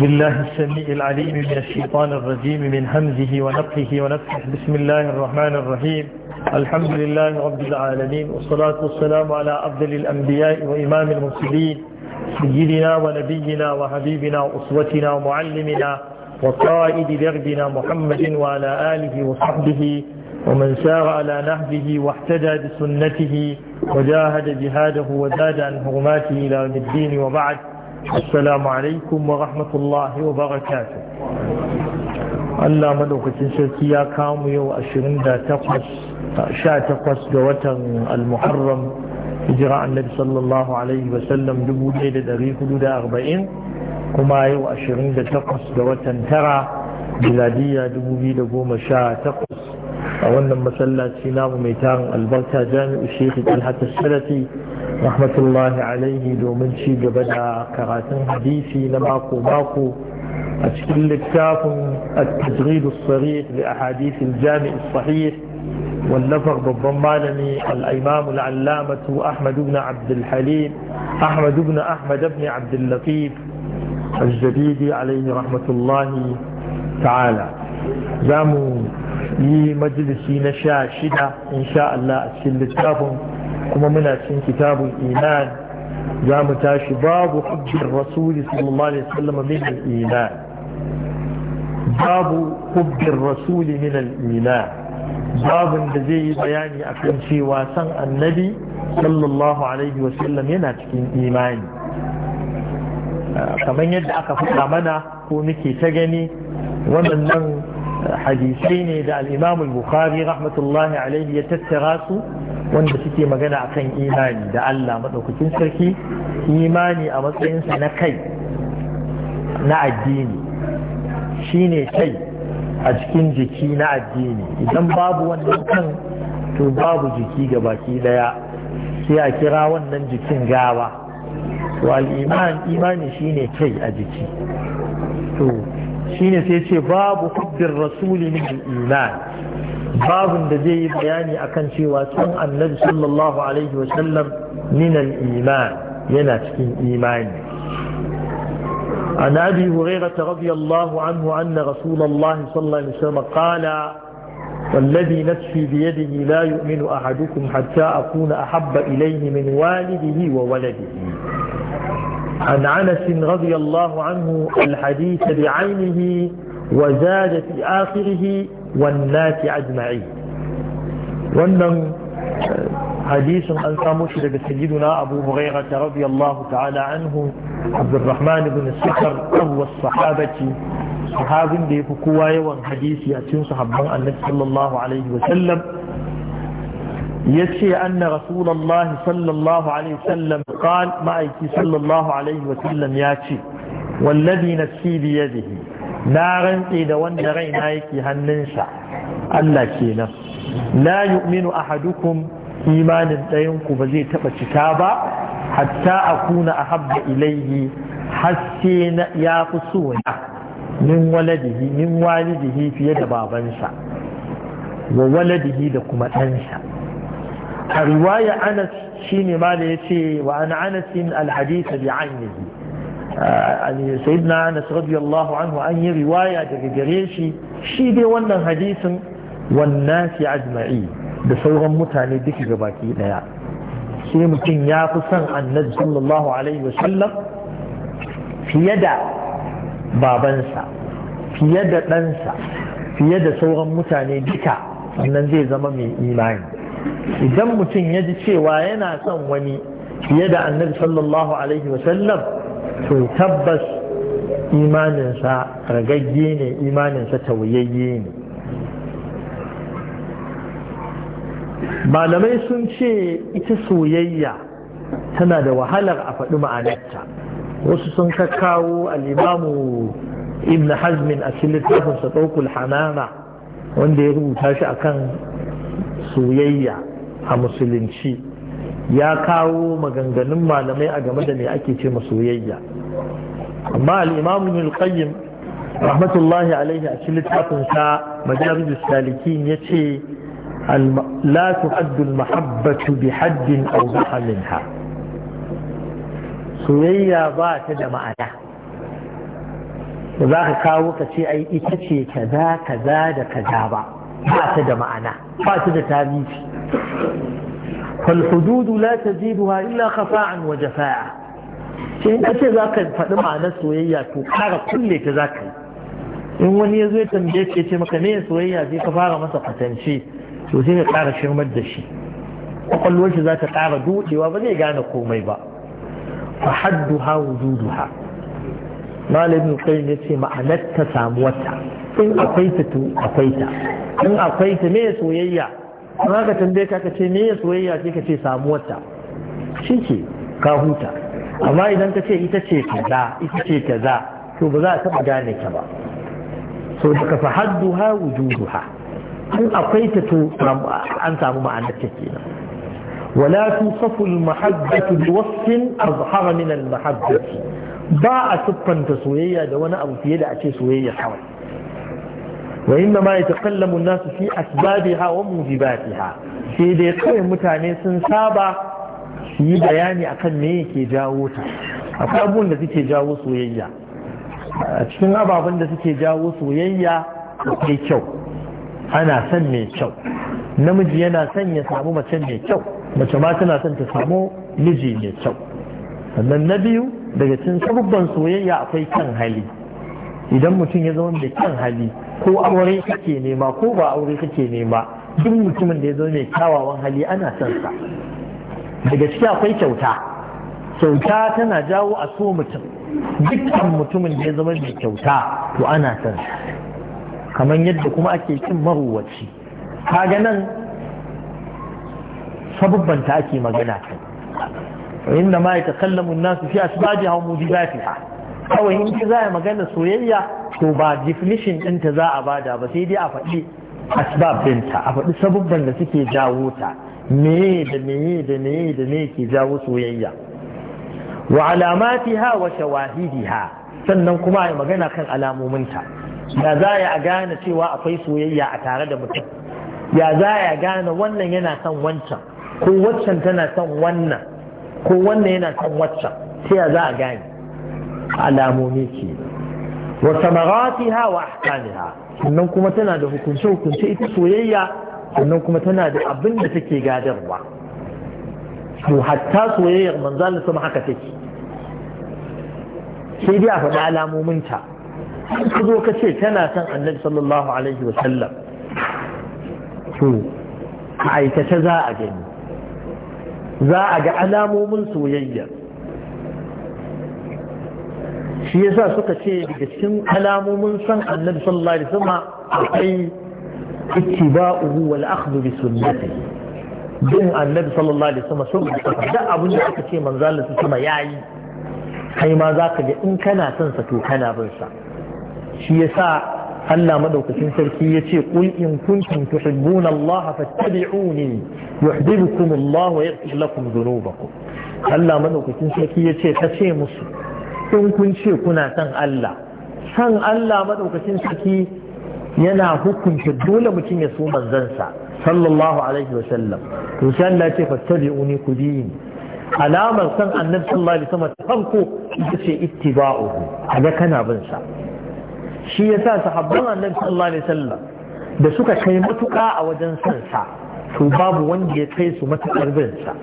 بالله السميع العليم من الشيطان الرجيم من همزه ونفخه ونفخه بسم الله الرحمن الرحيم الحمد لله رب العالمين والصلاة والسلام على أفضل الأنبياء وإمام المرسلين سيدنا ونبينا وحبيبنا وأسوتنا ومعلمنا وقائد دربنا محمد وعلى آله وصحبه ومن سار على نهجه واحتدى بسنته وجاهد جهاده وزاد عن حرماته إلى الدين وبعد السلام عليكم ورحمة الله barakatu. Allah madaukakin sarki ya kamu yau 28 ga watan al-Muharram hijira annabi sallallahu alaihi wasallam 1440 kuma yau 28 ga watan tara miladiya 2018 a wannan masallaci namu mai tarin albarka jami'u shekhi talhata salati rahmatullahi alaihi domin ci gaba da karatun hadisi na mako mako a cikin littafin at-tajrid as-sarih li ahadith al-jami' as-sahih wallafar babban malami al-imam al-allamatu ahmad ibn abd al-halim ahmad ibn ahmad ibn abd al-latif al-jadidi rahmatullahi ta'ala zamu yi majalisi na sha shida insha Allah a cikin littafin kuma muna cikin kitabun iman za mu tashi babu hujjar rasuli sallallahu alaihi wasallam min al-iman babu hujjar rasuli min al-iman babun da zai yi bayani akan cewa san annabi sallallahu alaihi wasallam yana cikin imani kamar yadda aka faɗa mana ko muke ta gani wannan hadisai ne da al'imamu bukhari rahmatullahi alaihi ya tattara su wanda suke magana a kan imani da Allah maɗaukacin sarki imani a matsayinsa na kai na addini shine kai a cikin jiki na addini idan babu wannan kan to babu jiki ga baki daya sai a kira wannan jikin gawa to al'imani imani shine kai a jiki to shine sai ce babu hubbin rasuli min iman babun da zai yi bayani akan cewa son annabi sallallahu alaihi wa sallam min iman yana cikin imani عن أبي هريرة رضي الله عنه أن رسول الله صلى الله عليه وسلم قال والذي نفسي بيده لا يؤمن أحدكم حتى أكون أحب إليه من والده وولده عن عنس رضي الله عنه الحديث بعينه وزاد في آخره والناس أجمعين وأنه آه، حديث أن ساموشد سيدنا أبو هريرة رضي الله تعالى عنه عبد الرحمن بن السكر أول الصحابة صحاب بفكوة كواي وان حديث يأتين النبي صلى الله عليه وسلم yace anna rasulullahi sallallahu alaihi wasallam qal ma'aiki sallallahu alaihi wasallam yace wallazi nafsi na rantse da wanda raina yake hannunsa Allah kenan la yu'minu ahadukum imanin ɗayan ku ba zai taba cika ba hatta akuna ahabba ilayhi hasse na ya fi so min waladihi min walidihi fiye da babansa wa waladihi da kuma ɗansa a riwaya anas shine ma da yace wa an anas al bi aynihi ah, sayyidina anas radiyallahu anhu an yi riwaya daga gare shi shi dai wannan hadisin wannasi ajma'i da sauran mutane duka gabaki daya sai mutum ya fi son annabi sallallahu alaihi wasallam fiye da babansa fiye da ɗansa fiye da sauran mutane duka sannan zai zama mai imani idan mutum ya ji cewa yana son wani fiye da annabi sallallahu alaihi wasallam to tabbas imaninsa ragagge ne imaninsa tauyayye ne malamai sun ce ita soyayya tana da wahalar a faɗi ma'anarta wasu sun kakkawo al'imamu ibn hazmin a cikin littafinsa ɗaukul hanana wanda ya rubuta shi akan soyayya a musulunci ya kawo maganganun malamai a game da me ake ce soyayya amma al'imamu ne rahmatullahi alaihi a cikin littafin sa majalis salikin ya ce la haddun mahabbatu bi haddin aw ha soyayya ba ta da ma'ana za ka kawo ka ce ai ita ce kaza kaza da kaza ba ba da ma'ana ba da tarihi فالحدود لا تزيدها إلا خفاعا وجفاعا sai in ce za ka faɗi ma'anar soyayya to kara kulle ta za in wani ya zo ya tambaye ka ce maka me soyayya sai ka fara masa kwatance sosai sai ka kara shirmar da shi kwakwalwar shi zata kara duɗewa ba gane komai ba fa hadduha wujuduha malam ibn qayyim yace ma'anar ta samuwar ta in akwai ta tu akwai ta in akwai ta me soyayya in aka tambaye ka ka ce me soyayya sai ka ce samuwar ta? shi ke ka huta amma idan ka ce ita ce kaza ita ce kaza to ba za a taɓa gane ta ba so daga fa hadduha ha, in akwai ta tu an samu ma'anar ta kenan ولا توصف المحبة بوصف أظهر من المحبة باع سبا تسوية دون أبو فيدا أتي سوية حوالي وإنما يتكلم الناس في أسبابها وموجباتها sai dai kawai mutane sun saba su yi bayani akan me yake jawo ta akwai abubuwan da suke jawo soyayya a cikin ababen da suke jawo soyayya akwai kyau ana son mai kyau namiji yana son ya samu mace mai kyau mace ma tana son ta samu miji mai kyau sannan na biyu daga cikin sabubban soyayya akwai kyan hali idan mutum ya zama mai kyan hali ko aure kake nema ko ba aure kake nema duk mutumin da ya zo mai kyawawan hali ana son sa daga ciki akwai kyauta kyauta tana jawo a so mutum dukkan mutumin da ya zama mai kyauta to ana son sa kamar yadda kuma ake cin maruwaci kaga nan sabubbanta ake magana kai inda ma ya takallamu nasu fi asbajiha wa mujibatiha kawai in za a magana soyayya to ba definition ɗinta za a bada ba sai dai a faɗi asbab ɗinta a faɗi sabubban da suke jawo ta meye da meye da meye da meye ke jawo soyayya wa alamatiha wa ha? sannan kuma a magana kan alamominta ya za a gane cewa akwai soyayya a tare da mutum ya za a gane wannan yana son wancan ko waccan tana son wannan ko wannan yana son waccan sai ya za a gane alamomi ke wa samaratiha wa ahkamiha sannan kuma tana da hukunce hukunce ita soyayya sannan kuma tana da abin da take gadarwa to hatta soyayyar manzalin sama haka take sai dai a faɗi alamominta ka zo ka ce tana son annabi sallallahu alaihi wa sallam to a aikace za a gani za a ga alamomin soyayya shi yasa suka ce daga cikin alamomin san annabi sallallahu alaihi wasallam akwai ittiba'uhu wal akhdhu bi sunnatihi bin annabi sallallahu alaihi wasallam sun da abin da aka ce manzo Allah sama yayi kai ma zaka ga in kana son sa to kana bin sa shi yasa Allah madaukakin sarki ya ce qul in kuntum tuhibbuna Allah fattabi'uni yuhibbukum Allah wa yaghfir lakum dhunubakum Allah madaukakin sarki ya ce ta ce musu in kun ce kuna san Allah san Allah madaukakin saki yana hukunta dole mutum ya so manzansa sallallahu alaihi wa sallam to sai Allah ya ce fattabi'uni ku dini alamar san annabi sallallahu alaihi wasallam ta farko ita ce ittiba'uhu Haga kana bin sa shi yasa sahabban annabi sallallahu alaihi Sallam. da suka kai matuƙa a wajen san sa to babu wanda ya kai su matuƙar bin sa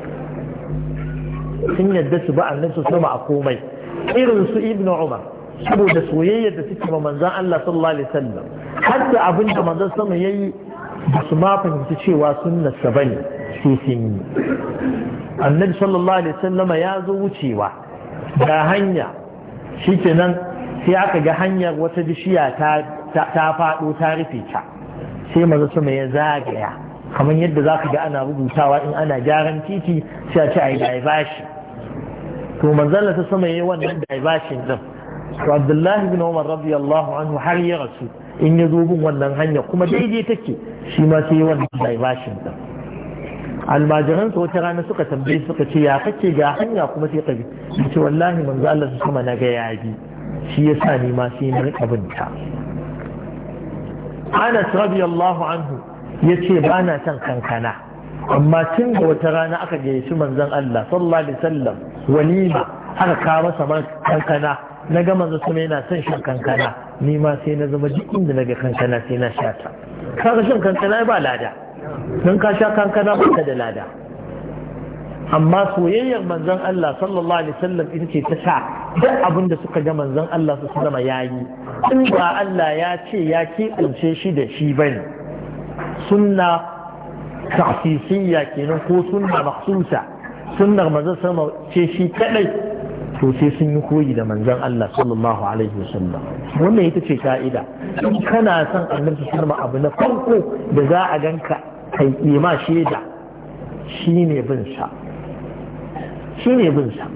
sun yadda su ba annabi sallallahu alaihi wasallam a komai irin su Ibn umar saboda soyayyar da suke ma manzan Allah sallallahu alaihi wasallam hatta abin da manzan sama yayi ba su ma fahimci cewa sunna sa bane su sun yi annabi sallallahu alaihi wasallama ya zo wucewa ga hanya shikenan sai aka ga hanyar wata bishiya ta faɗo ta rufe ta sai manzan sama ya zagaya kamar yadda za ka ga ana rubutawa in ana gyaran titi sai a ce a yi bashi to manzala ta sama yi wannan diversion din to Abdullahi bin Umar radiyallahu anhu har ya rasu in ya zo bin wannan hanya kuma daidai take shi ma sai wannan diversion din almajiran sa wata rana suka tambaye suka ce ya kake ga hanya kuma sai ka bi ce wallahi manzo Allah ta sama na ga ya bi shi sa ni ma sai na rika binta Anas radiyallahu anhu ce ba na son kankana amma tun da wata rana aka gayyaci manzon Allah sallallahu alaihi wasallam walima aka kawo masa kankana na gama da su yana son shan kankana ni ma sai na zama duk inda na ga kankana sai na sha ta kaga shan kankana ba lada don ka sha kankana ba ka da lada amma soyayyar manzon Allah sallallahu alaihi wasallam ita ce ta sa duk abin da suka ga manzon Allah su zama yayi in ba Allah ya ce ya kunce shi da shi bane sunna tahsisiyya kenan ko sunna makhsusa sunnar manzon sama ce shi kadai to sai sun yi koyi da manzon Allah sallallahu alaihi wasallam wannan ita ce ka'ida in kana son annabi sallama abu na farko da za a ganka kai kima shaida shine bin sa shine bin sa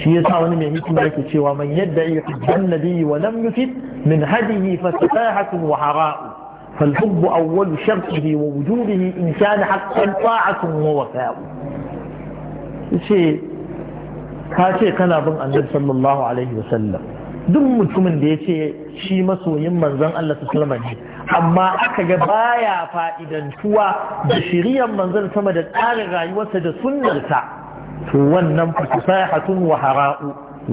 shi yasa wani mai hikima yake cewa man yadda ya fi jannabi wa lam yufid min hadihi fasahatun wa hara'u فالحب أول شرطه ووجوده إن كان حقا طاعة ووفاء kace kana bin annabi sallallahu alaihi wasallam duk mutumin da ya ce shi masoyin manzon Allah sallallahu alaihi amma aka ga baya fa'idantuwa da shiriyar manzon sama da tsarin rayuwarsa da sunnarsa to wannan fasahatun wa hara'u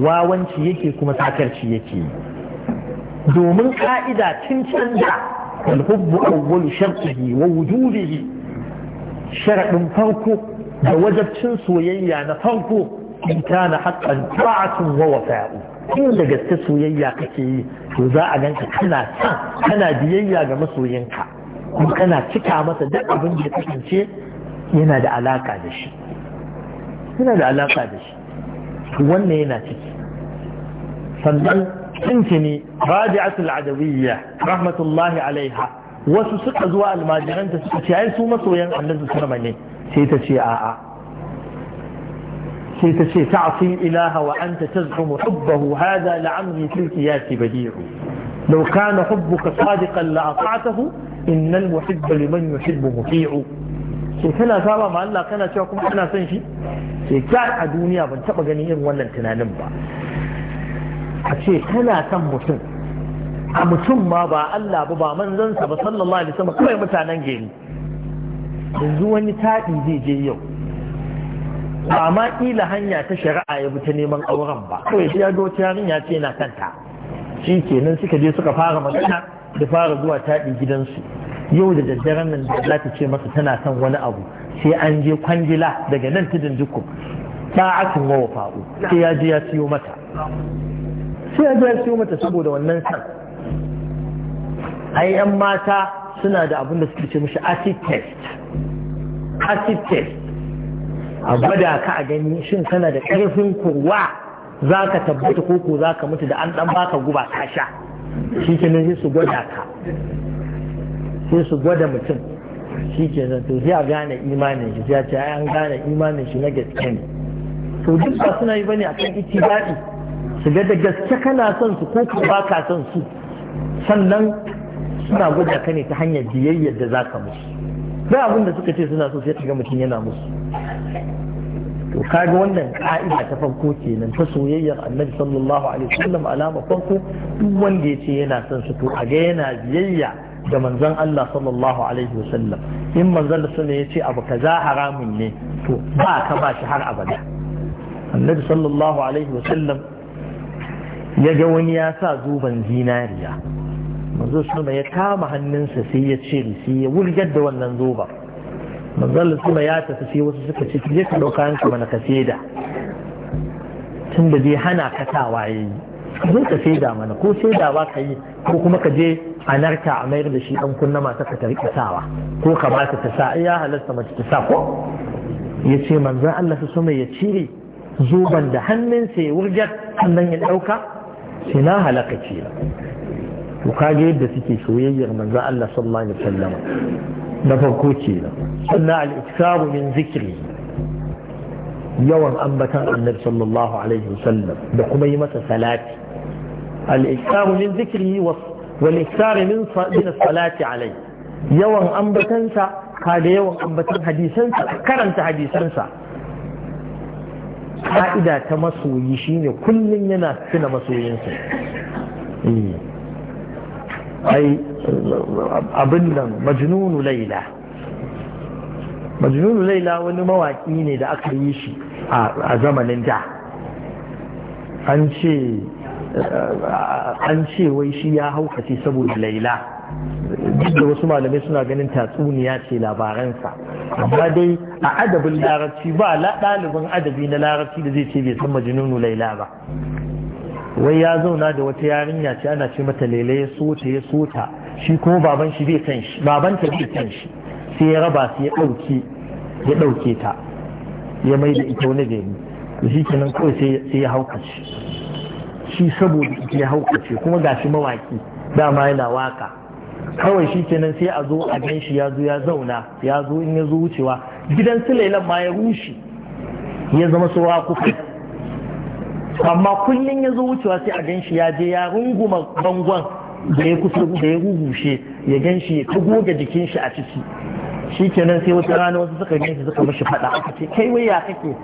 wawanci yake kuma sakarci yake domin ka'ida tun canza والحب أول شرطه ووجوده شرع من فرقه وجب شنس ويانا فرقه إن كان حقا طاعة ووفاء إن لقد تسويا كتي وزاء لنك كنا سان كنا بيايا لمسوينك وكنا تكا مثلا دقا بنجي تكن شيء da دا علاقة دش yana دا علاقة دش shi ينا تكي ciki tuntuni raji'atul adawiyya rahmatullahi alaiha wasu suka zuwa almajiranta suka ce ai su masoyan annabi sallama ne sai ta ce a'a sai ta ce ta'fi ilaha wa anta tazhumu hubbahu hadha la'amri tilki yati badi'u law kana hubbuka sadiqan la ata'tahu innal muhibba liman yuhibbu sai kana saba ma Allah kana cewa kuma kana son shi sai ka a duniya ban taba ganin irin wannan tunanin ba a ce kana son mutum a mutum ma ba Allah ba ba manzansa ba sallallahu alaihi wasallam kawai mutanen gari yanzu wani taɗi zai je yau ba ma ƙila hanya ta shari'a ya bi ta neman auren ba kawai ya zo tarin yarinya ce na kanta shi kenan suka je suka fara magana da fara zuwa taɗi gidansu yau da daddaren nan da za ta ce masa tana son wani abu sai an je kwangila daga nan tudun Ba ta akin wawa fa'u sai ya je ya siyo mata sai ya zuwa siyo mata saboda wannan san ai yan mata suna da abin da suke ce mishi acid test acid test a gwada ka a gani shin kana da ƙarfin kurwa za ka tabbata ko za ka mutu da an ɗan baka guba ka sha shi ke nan su gwada ka sai su gwada mutum shi nan to sai gane imanin shi zai ce an gane imanin shi na gaske ne to duk ba suna yi bane akan ittibai su ga da gaske kana son su ko kuma baka son su sannan suna gwada ka ne ta hanyar biyayyar da zaka musu da abin da suka ce suna so sai ka ga mutum yana musu to kaga wannan ka'ida ta farko kenan ta soyayyar annabi sallallahu alaihi wasallam alama farko duk wanda ya ce yana son su to a ga yana biyayya da manzon Allah sallallahu alaihi wasallam in manzon da ya ce abu kaza haramun ne to ba ka ba shi har abada annabi sallallahu alaihi wasallam ya ga wani ya sa zuban zinariya manzo suna ya kama hannunsa sai ya ce sai ya wulgar da wannan zuba manzo suna ya tafi sai wasu suka ce je ka dauka yanka mana ka seda tun da zai hana ka sawa yayi zo ka seda mana ko seda ba ka yi ko kuma ka je a narka a mayar da shi dan kunna mata ka tarika sawa ko ka ba ta sa ya halasta mace ta sa ko ya ce manzo Allah su suna ya cire zuban da hannunsa ya wurgar sannan ya dauka sai na halaka ce to kage yadda suke soyayyar manzo Allah sallallahu alaihi wasallam na farko ce sannan al-iktaru min zikri yawan ambatan annabi sallallahu alaihi wasallam da kuma yi masa salati al-iktaru min zikri wa salati alaihi yawan ambatansa kaga karanta hadisansa ka'ida ta masoyi shine kullum yana tuna masoyinsa eh. ai abin nan majnunu laila majnunu laila wani mawaƙi ne da aka yi shi a zamanin da an ce eh, an ce wai shi ya haukace saboda laila duk da wasu malamai suna ganin tatsuniya ce labaransa amma dai a adabin larabci ba ɗalibin adabi na larabci da zai ce bai san majinunu laila ba wai ya zauna da wata yarinya ce ana ce mata lele ya sota ya sota shi kuma baban shi bai san shi baban ta bai san shi sai ya raba su ya ɗauke ya ɗauke ta ya mai da ita wani gari shi kenan kawai sai ya haukace shi saboda ya haukace kuma gashi mawaki dama yana waka kawai shi kenan sai a zo a gan shi ya zo ya zauna ya zo in ya zo wucewa gidan sulailan ma ya rushe ya zama su kuka amma kullum ya zo wucewa sai a gan shi ya je ya runguma bangon da ya kusa da ya rugushe ya gan shi ya kago ga jikin shi a ciki shi kenan sai wata rana wasu suka gan shi suka mashi faɗa aka ce kai waya kake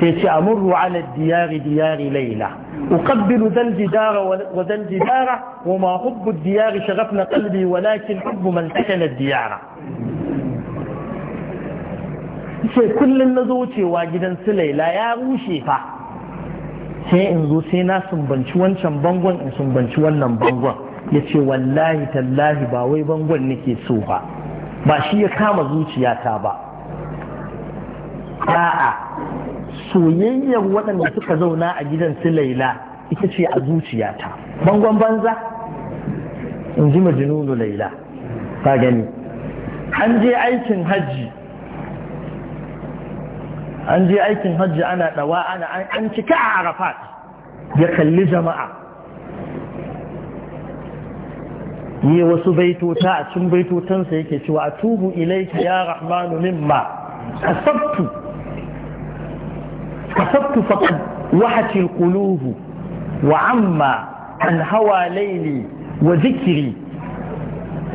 sai ce amurru ala diyari diyari laila أقبل ذا الجدار وذا الجدار وما حب الديار شغفنا قلبي ولكن حب من سكن الديار sai kullum na zo wucewa gidan su laila ya rushe fa sai in zo sai na sumbanci wancan bangon in sumbanci wannan bangon ya ce wallahi tallahi ba wai bangon nake so ba ba shi ya kama zuciyata ba a'a soyayyar waɗanda suka zauna a gidan su laila ita ce a zuciyata bangon banza in ji majinunu laila ta gani an je aikin hajji an je aikin hajji ana ɗawa ana an cika a arafat ya kalli jama'a yi wasu baitota a cin baitotansa yake cewa a tubu ilai ya rahmanu mimma sabtu كسبت فقد وحت القلوب وعمى عن هوى ليلي وذكري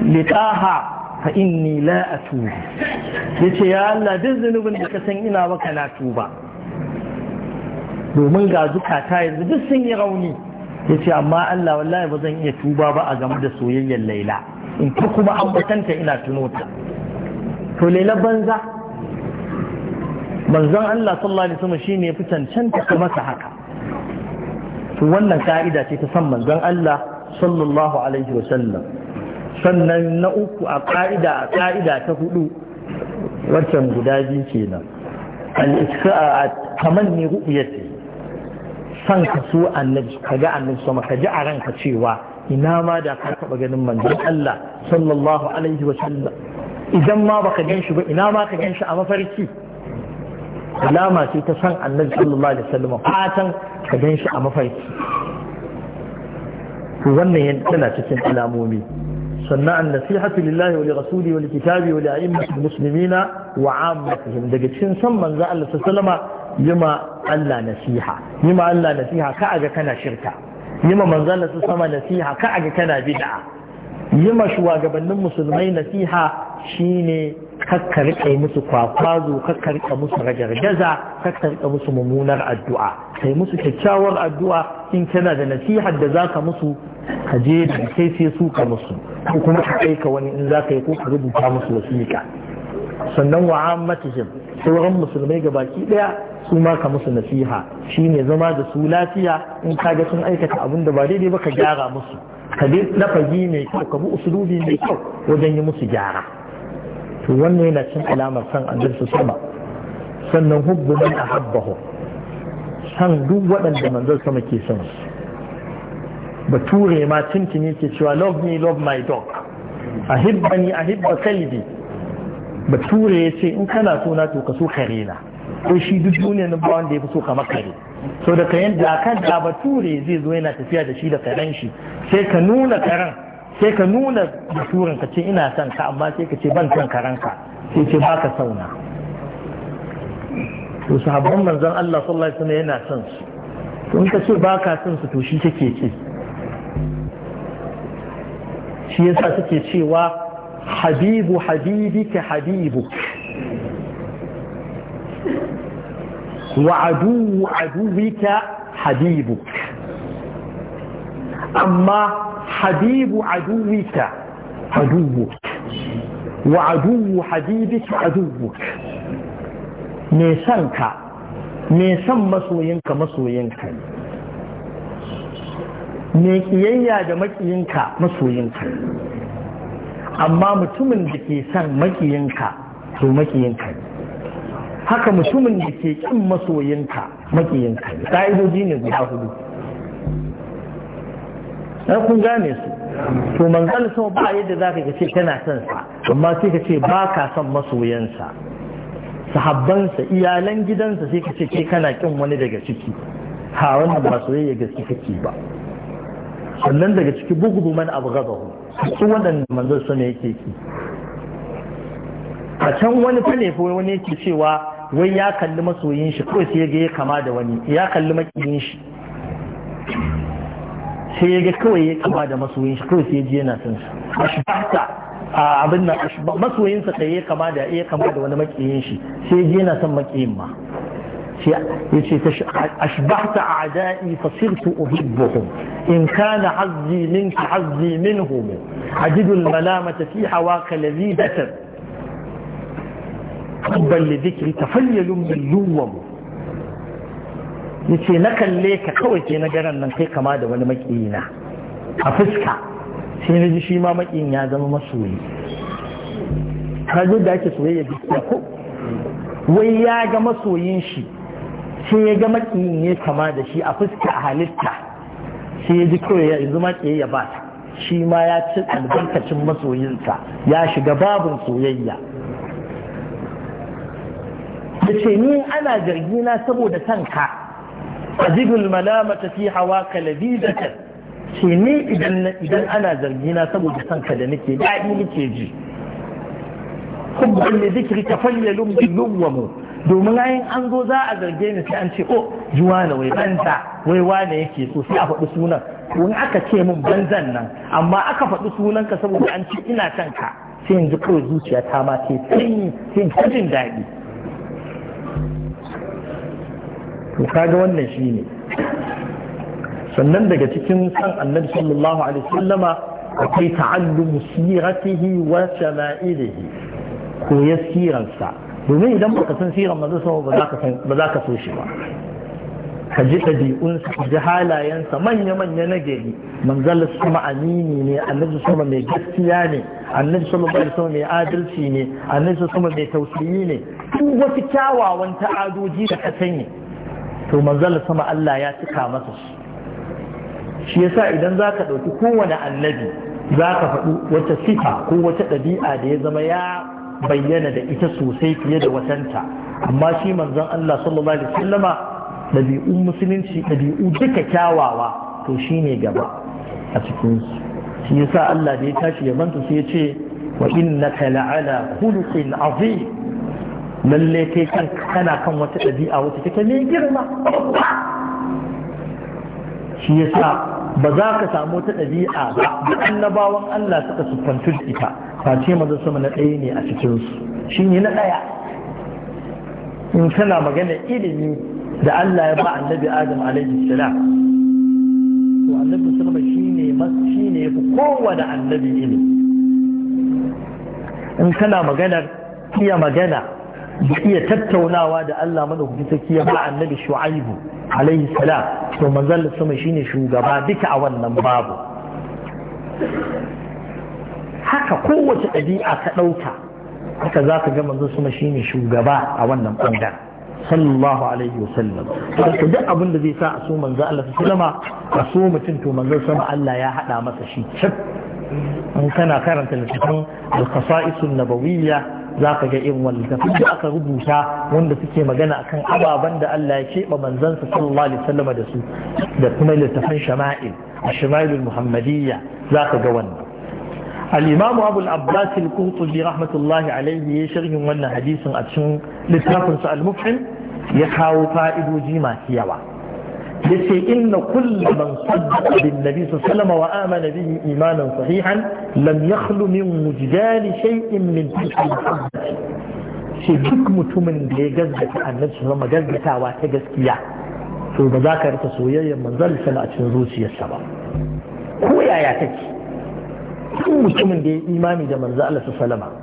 لقاها فإني لا أتوب يتي يا الله دزن ابن بكسن إنا وكنا توبا domin ga zukata yanzu duk sun rauni ya ce amma Allah wallahi ba zan iya tuba ba a game da soyayyen laila in kuma ambatanta ina tunota to laila banza manzon Allah sallallahu alaihi wasallam shine fi cancanta ka masa haka to wannan ka'ida ce ta san manzon Allah sallallahu alaihi wasallam sannan na uku a ka'ida a ka'ida ta hudu wancan guda biyu kenan al-isra'a tamanni ru'yati san ka so annabi ka annabi sama ka ji a ranka cewa ina ma da ka taba ganin manzon Allah sallallahu alaihi wasallam idan ma baka gan shi ba ina ma ka gan shi a mafarki alama ce ta san annabi sallallahu alaihi wasallam fatan ka gan shi a mafarki to wannan yana cikin alamomi sannan an nasihatu lillahi wa li rasuli wa li kitabi wa li a'immatil muslimina wa 'ammatihim daga cikin san manzo Allah sallama yima Allah nasiha yima Allah nasiha ka aga kana shirka yima manzo Allah wasallam nasiha ka aga kana bid'a yima shugabannin musulmai nasiha shine kakka riƙa musu kwakwazo kakka musu ragargaza kakka musu mummunar addu'a kai musu kyakkyawar addu'a in kana da nasihar da zaka musu ka je da kai sai su ka musu ko kuma ka aika wani in zaka yi ko ka rubuta musu wasiƙa sannan wa ammatihim sauran musulmai ga baki daya su ma ka musu nasiha shine zama da su lafiya in ka ga sun aikata abin da ba daidai ba ka gyara musu ka bi mai kyau ka bi usulubi mai kyau wajen yi musu gyara to wannan yana cin alamar san annabi su sama sannan hubbu man ahabbahu san duk waɗanda manzo sama ke son su bature ma tintini ke cewa love me love my dog ahibbani ahibba kalbi bature ya ce in kana so na to ka so kare na ko shi duk duniyar ba wanda ya fi so kama kare so da kayan da kan da bature zai zo yana tafiya da shi da karen shi sai ka nuna karen sai ka nuna da suran ka ce ina son ka amma sai ka ce ban son karanka sai ce ba ka sauna to sahabban manzon Allah sallallahu alaihi wasallam yana son su to in ka ce ba ka son su to shi take ce shi yasa take cewa habibu habibika Habibu, wa aduwu aduwika habibuka amma habibu aduwika aduwuk wa aduwu habibika aduwuk mai san ka mai san masoyinka masoyinka ne mai kiyayya da makiyinka masoyinka amma mutumin da ke san makiyinka to makiyinka ne haka mutumin da ke kin masoyinka makiyinka ne ƙa'idoji ne guda hudu ai kun gane su to manzal sama ba yadda zaka ka ce kana son sa amma sai ka ce ba ka son masoyansa sahabbansa iyalan gidansa sai ka ce kana kin wani daga ciki ha wannan ba soyayya gaske kake ba sannan daga ciki bugudu man abu abghadahu su waɗanda manzal sama yake ki a can wani fane ko wani yake cewa wai ya kalli masoyin shi kawai sai ya ga ya kama da wani ya kalli makiyin shi sai ya ga kawai ya kama da masoyin shi kawai sai ya ji yana son su ashbahta a abin nan masoyin sa kai ya kama da ya kama da wani makiyin shi sai ya ji yana son makiyin ma sai ya ce ashbahta a'da'i fa sirtu uhibbuhum in kana hazzi minka hazzi minhum ajidu al-malamata fi hawaka lazidatan حبا لذكري تفلل من لوم yace na kalle ka kawai ke na garan nan kai kama da wani makiyina a fuska sai na ji shi ma makiyin ya zama masoyi ji da ake soyayya gaskiya ko wai ya ga masoyin shi sai ya ga makiyin ne kama da shi a fuska a halitta sai ya ji kawai yanzu makiyi ya ba ta shi ma ya ci albarkacin masoyinsa ya shiga babin soyayya ya ce ni ana zargina saboda kanka ajidul malamata fi hawaka ladidatan ce ni idan ana zargi na saboda sanka da nake daɗi nake ji hubban ta fanya falyalum bilwamu domin ayin an zo za a zarge ni sai an ce oh juwana wai banza wai wane yake so sai a faɗi sunan wani aka ce min banzan nan amma aka faɗi sunanka saboda an ce ina son ka sai yanzu kawai zuciya ta ma ce sai sai daɗi to kaga wannan shine sannan daga cikin san annabi sallallahu alaihi wasallama akwai ta'allumu sirratihi wa shama'ilihi koya sirarsa domin idan baka san sirar manzo sama ba za ka san ba za so shi ba ka ji ɗabi'unsa halayensa manya-manya na gari manzal sama amini ne annabi sama mai gaskiya ne annabi sama bai sama mai adalci ne annabi sama mai tausayi ne duk wasu kyawawan ta'adoji da ka sanya to manzala sama Allah ya cika masa shi shi yasa idan za ka ɗauki kowane annabi za ka faɗi wata sifa ko wata ɗabi'a da ya zama ya bayyana da ita sosai fiye da watanta amma shi manzon Allah sallallahu alaihi wasallama ɗabi'un musulunci ɗabi'u duka kyawawa to ne gaba a cikin su shi yasa Allah da ya tashi ya manta sai ya ce wa innaka la'ala khuluqin azim lalle kai kan kana kan wata ɗabi'a wata take mai girma shi yasa ba za ka samu wata ɗabi'a ba da annabawan Allah suka sufantu da ita ba ce maza sama na ɗaya ne a cikinsu shi ne na ɗaya in kana magana ilimi da Allah ya ba annabi Adam alaihi salam to annabi shi ne ya fi kowane annabi ilimi in kana magana iya magana da iya tattaunawa da Allah madaukakin sarki ya ba annabi shu'aibu alaihi salam to manzon sama shine shugaba duka a wannan babu haka kowace ɗabi'a ka ɗauka haka za ka ga manzon sama shine shugaba a wannan ɓangaren sallallahu alaihi wasallam to duk abin da zai sa a so manzo Allah sallama a so mutum to manzo sama Allah ya hada masa shi cif in kana karanta littafin al-qasa'is an-nabawiyya za ka ga irin wanda da aka rubuta wanda suke magana a kan ababen da Allah ya keɓa manzansa sallallahu alaihi wasallam da su da kuma littafin shama'il a shama'ilul muhammadiyya za ka ga wannan al-imamu abu al-abbas al-qurtubi rahmatullahi alaihi ya sharhin wannan hadisin a cikin littafin sa al ya kawo fa'idoji masu yawa yace inna kullu man saddaqa bin nabi sallallahu wa amana bihi imanan sahihan lam yakhlu min wujdani shay'in min shi duk mutumin da ya gazzata annabi sallallahu alaihi gazzatawa ta gaskiya to ba za ka rika soyayyar manzon sallallahu a cikin zuciyarsa ba ko yaya take duk mutumin da ya imani da manzo Allah sallallahu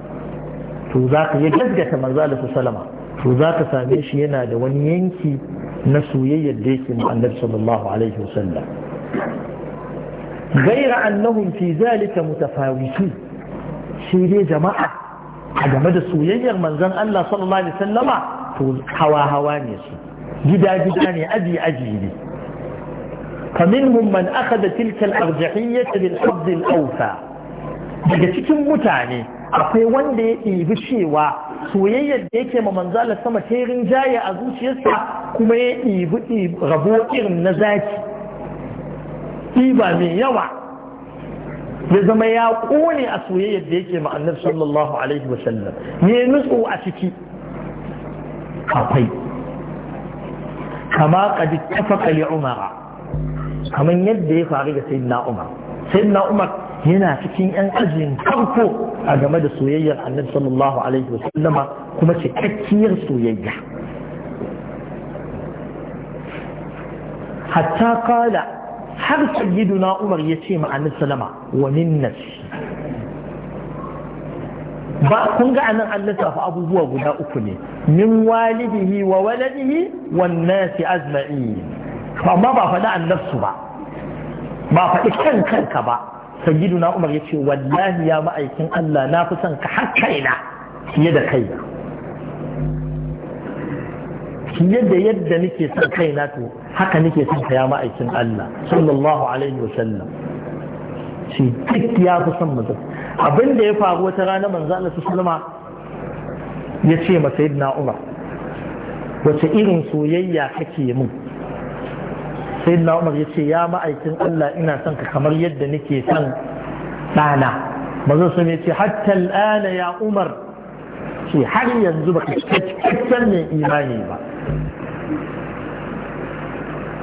to za ka ya gazzata manzo Allah sallallahu to za ka same shi yana da wani yanki na soyayyar da yake annabi sallallahu alaihi wasallam gaira annahum fi zalika mutafawitu shi dai jama'a a game da soyayyar manzon Allah sallallahu alaihi wasallam to hawa hawa ne su gida gida ne aji aji ne فمنهم من أخذ تلك الأرجحية بالحظ Daga cikin mutane, akwai wanda ya دي بشي واحد. soyayyar da yake ma manzala sama ta yi jaya a zuciyarsa kuma ya ɗibi rabo irin na zaki ɗiba mai yawa ya zama ya ƙone a soyayyar da yake ma annabi sallallahu alaihi sallam. ne nutsu a ciki akwai kama kadi tafaka li umara kamar yadda ya faru da sayyidina umar sayyidina umar yana cikin 'yan ajin farko a game da soyayyar annabi sallallahu alaihi wasallama kuma cikakkiyar soyayya hatta kala har na umar ya ce ma annabi sallama wa minnas ba kun ga anan an lissafa abubuwa guda uku ne min walidihi wa waladihi wan nasi azma'in amma ba faɗi annabsu ba ba faɗi kan kanka ba sayyiduna umar ya ce wallahi ya ma'aikin Allah na fi son ka har kaina fiye da kaina fiye da yadda nake son kaina to haka nake son ka ya ma'aikin Allah sallallahu alaihi wa sallam shi duk ya fi son mutum abin da ya faru wata rana manzo Allah sallama ya ce ma sayyidina umar wace irin soyayya kake mun sai na umar ya ce ya ma'aikin Allah ina son ka kamar yadda nake son ɗana mazan sun ya ce hatta al'ana ya umar ce har yanzu ba ka cikakken mai imani ba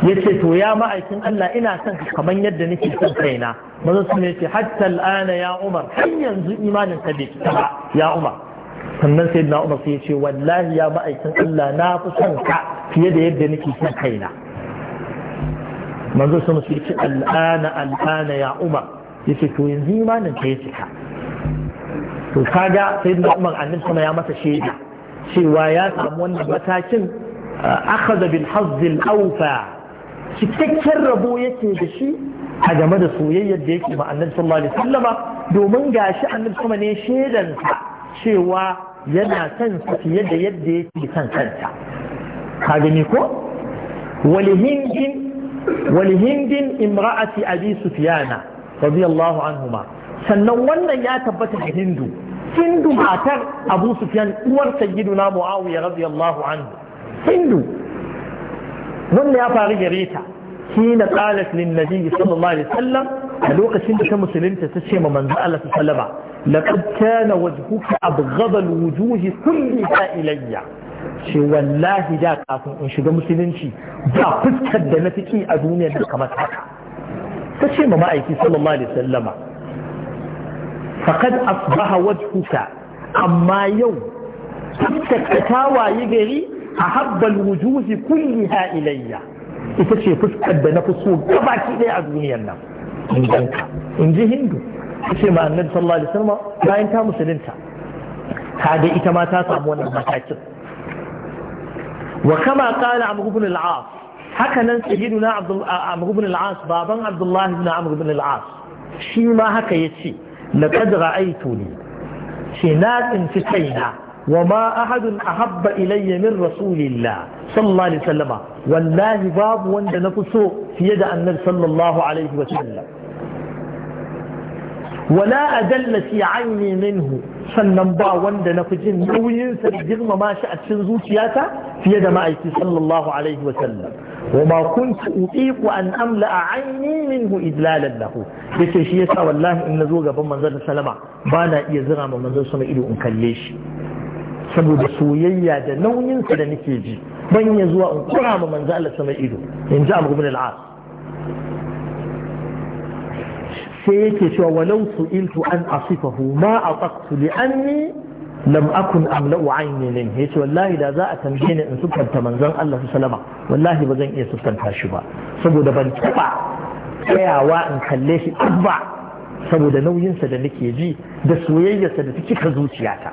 ya ce to ya ma'aikin Allah ina son ka kamar yadda nake son kaina mazan sun ya ce hatta al'ana ya umar har yanzu imanin ka bai fita ba ya umar sannan sai na umar sai ya ce wallahi ya ma'aikin Allah na fi son ka fiye da yadda nake son kaina manzo sun su ce al'ana al'ana ya umar Yake to yanzu imanin ta ya cika to kaga sai da umar annabi sama ya masa shaida cewa ya samu wannan matakin akhadha bil hazz awfa cikakken rabo yake da shi a game da soyayyar da yake ma annabi sallallahu alaihi wasallama domin gashi annabi sama ne shaidan cewa yana son fiye da yadda yake kan kanta ka gani ko walihingin walhindin imra'ati abi sufyana radiyallahu anhuma sannan wannan ya tabbata da hindu hindu matar abu sufyan uwar sayyiduna muawiya radiyallahu anhu hindu wannan ya faru gare ta حين قالت للنبي صلى الله عليه ta هلوك سنة مسلم تتشم من زالة سلمة لقد كان وجهك أبغض الوجوه كلها ilayya. ce wallahi da kafin in shiga musulunci ba fuskar da na fi a duniya da kamar haka ta ce ma ma'aiki sallallahu alaihi sallama faqad asbaha wajhuka amma yau fuskar ta waye gari a habbal wujuhi kulliha ilayya ita ce fuskar da na fi so gabaki ɗaya a duniyar nan in ji hindu ta ce ma annabi sallallahu alaihi sallama bayan ta musulunta ga ita ma ta samu wannan matakin wa kama qala amr ibn al-as haka nan sayyiduna abdul baban abdullahi ibn amr ibn shi ma haka yace laqad ra'aytuni shi na tsinci kaina wa ma ahadun ahabba ilayya min rasulillah sallallahu alaihi wasallama wallahi babu wanda na fi so fiye da annabi sallallahu alaihi wasallam ولا أدل في عيني منه sannan ba wanda na fi jin nauyinsa da girmama shi a cikin zuciyata fiye da ma'aiki sallallahu alaihi wa sallam wa ma kuntu utiqu an amla aini minhu idlalan lahu yace shi yasa wallahi in nazo gaban manzon sallama ba na iya zira ma manzon sama ido in kalle shi saboda soyayya da nauyinsa da nake ji ban ya zuwa in kura ma manzon Allah sama ido in ji Abu bin al-As sai yake cewa walau su'iltu an asifahu ma ataqtu li anni lam akun amla'u ne lin yace wallahi da za a tambaye ni in sukanta manzon Allah salama. wallahi ba zan iya sukanta shi ba saboda ban taba tsayawa in kalle shi ba saboda nauyinsa da nake ji da soyayyarsa da take ka zuciyata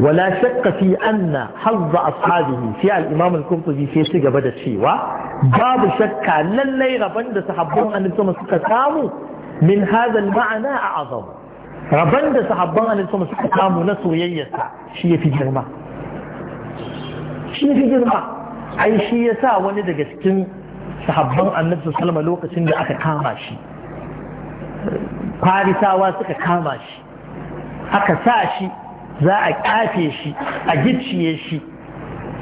ولا شك في أن حظ أصحابه في الإمام القرطبي في سجبة الشيوة باب شك أن اللي ربند صحبهم أن انتم سكتاموا من هذا المعنى أعظم ربند صحبهم أن انتم سكتاموا نسوية شيء في جرمة شيء في جرمة أي شيء يسا وندق سكين صحبهم أن نفسه سلم لوقت إن أخي كاماشي فارساوا سكا كاماشي أكا ساشي za a kafe shi a gicciye shi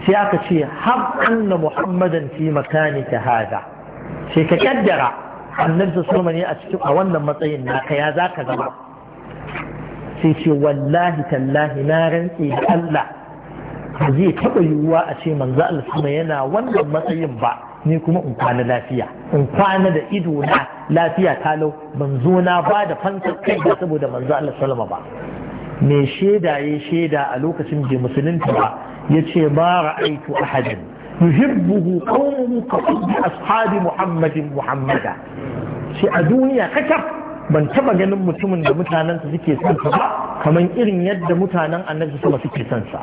sai aka ce har anna muhammadan fi makani ta hada sai ka kaddara annabi sallama ne a cikin a wannan matsayin naka ya za ka zama sai ce wallahi tallahi na rantse da Allah ba zai taɓa yiwuwa a ce manzo alfama yana wannan matsayin ba ni kuma in kwana lafiya in kwana da ido na lafiya talau ban zo na ba da fansar kai saboda manzo alfama ba mai shaida ya shaida a lokacin da musulunta ba ya ce ma ra'aitu ahadin yuhibbuhu qawmuhu ka hubbi ashabi muhammadin muhammada shi a duniya kaka ban taba ganin mutumin da sa suke son sa ba kamar irin yadda mutanen annabi sama suke son sa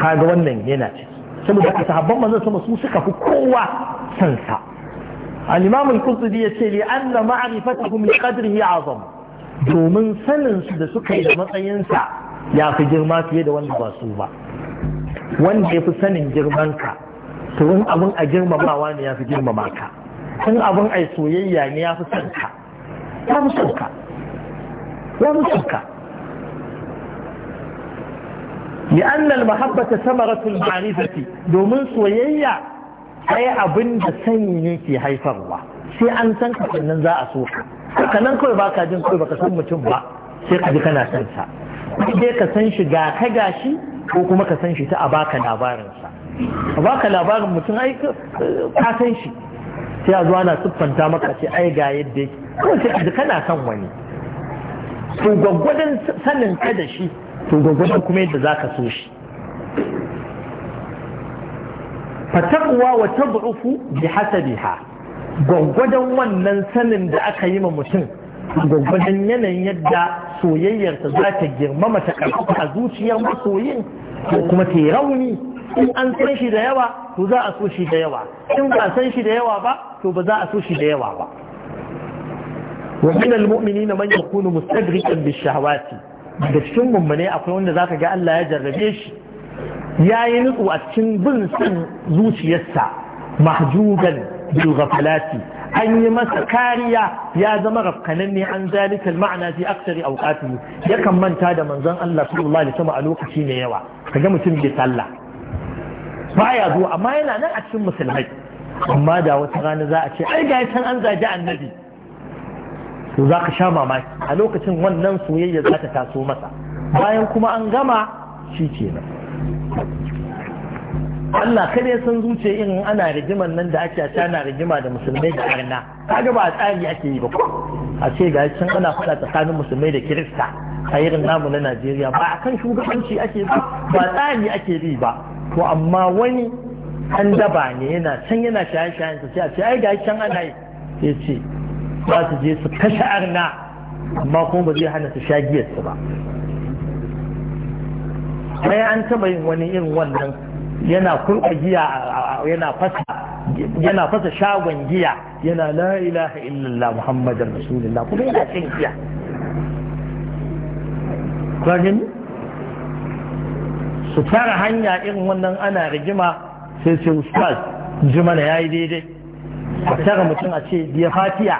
kaga wannan yana ci saboda ka sahabban manzon sama su suka fi kowa son sa al-imam al-qurtubi yace li anna ma'rifatuhum li qadrihi azam domin saninsu da suka yi da matsayinsa ya fi girma fiye da wanda ba su ba wanda ya fi sanin girmanka to in abin a girmamawa ne ya fi girmama ka in abin a soyayya ne ya fi son ka ya fi son ka ya fi son ka annal mahabbata samaratul المعرفة domin soyayya sai abin da sanyi yake haifarwa sai an san ka sannan za a so ka haka nan kawai baka jin kawai baka san mutum ba sai ka ji kana san sa dai ka san shi ga ka gashi ko kuma ka san shi ta a baka labarin sa a baka labarin mutum ai ka san shi sai a zuwa na siffanta maka ce ai ga yadda yake ko sai ka kana san wani to gwaggwadon sanin ka da shi to gwaggwadon kuma yadda zaka so shi fatakwa wa tad'ufu bi hasabiha gwaggwadon wannan sanin da aka yi ma mutum gwaggwadon yanayin yadda soyayyarsa za ta girmama ta karfafa a zuciyar masoyin ko kuma ta rauni in an san shi da yawa to za a so shi da yawa in ba san shi da yawa ba to ba za a so shi da yawa ba wa min na man yakunu mustadrikan bishahawati da cikin mummune akwai wanda zaka ga Allah ya jarrabe shi yayi nutsu a cikin bin san zuciyarsa Mahjugan. bil ghafalati an yi masa kariya ya zama rafkanan ne an zalikal ma'ana fi aksari awqati yakan manta da manzon Allah sallallahu alaihi wasallam a lokaci ne yawa kaga mutum bai sallah baya zuwa amma yana nan a cikin musulmai amma da wata rana za a ce ai ga can an zaji annabi to za ka sha mamaki a lokacin wannan soyayya za ta taso masa bayan kuma an gama shi kenan Allah kada ya san zuciya irin ana rigiman nan da ake ta na rigima da musulmai da arna kaga ba a tsari ake yi ba ko a ce ga can ana faɗa tsakanin musulmai da kirista a irin namu na Najeriya ba akan shugabanci ake ba ba tsari ake bi ba to amma wani an daba ne yana can yana shaye shayen sai a ce ai ga can ana yi sai ce ba su je su kashe arna amma kuma ba zai hana su sha giyarsu ba sai an taba yin wani irin wannan yana kurɓa giya yana fasa yana fasa shagon giya yana la ilaha illallah muhammadar rasulullah kuma yana cin giya kwagin su fara hanya irin wannan ana rigima sai sai ustaz jimana ya yi daidai a tara mutum a ce biya fatiya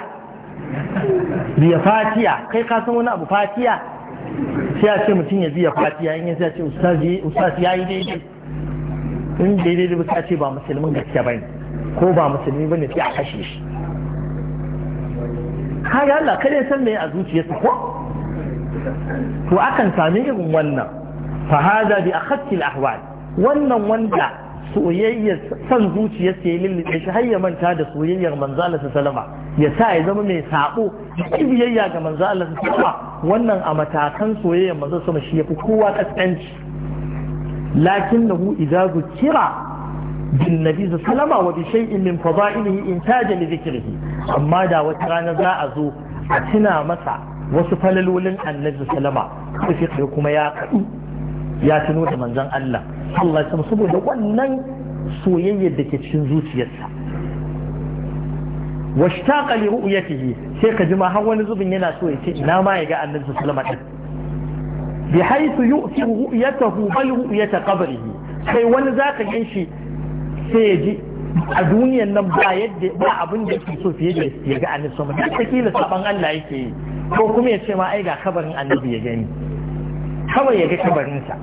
biya fatiya kai ka san wani abu fatiya sai a ce mutum ya biya fatiya in yi sai a ce ustaz ya yi daidai in daidai da bisa ce ba musulmin gaske ne? ko ba musulmi bane sai a kashe shi kaga Allah kada san me a zuciyarsa ko to akan sami irin wannan fa hada bi akhatti al ahwal wannan wanda soyayya san zuciyarsa ya lullube shi har ya manta da soyayyar manzo Allah sallama ya sa ya zama mai sabo da biyayya ga manzo Allah sallama wannan a matakan soyayyar manzo sama shi yafi kowa kaskanci Lakin na bude iga ga kira jannabi da wa bishiyoyi in ninfawa ina yi in caja lafiya. Amma da wani rana a zo a suna masa wasu falalolin annabi da salama. shi kare kuma ya ƙaru, ya tunu da manzon Allah. Kullan shi a da wannan soyayyar da ke cikin zuciyarsa. Wasu takalmi ru'u-yuwar ta sai ka ji ma har wani zubin yana so ya ce ina ma yaga annabi da salama bi haisu yu'ti ru'yatahu bal ru'yata qabrihi sai wani zaka ganshi sai ya ji a duniyan nan ba yadda ba abin da yake so fiye da ya ga annabi sama duk da kila saban Allah yake yi ko kuma ya ce ma ai ga kabarin annabi ya gani kawai ya ga kabarinsa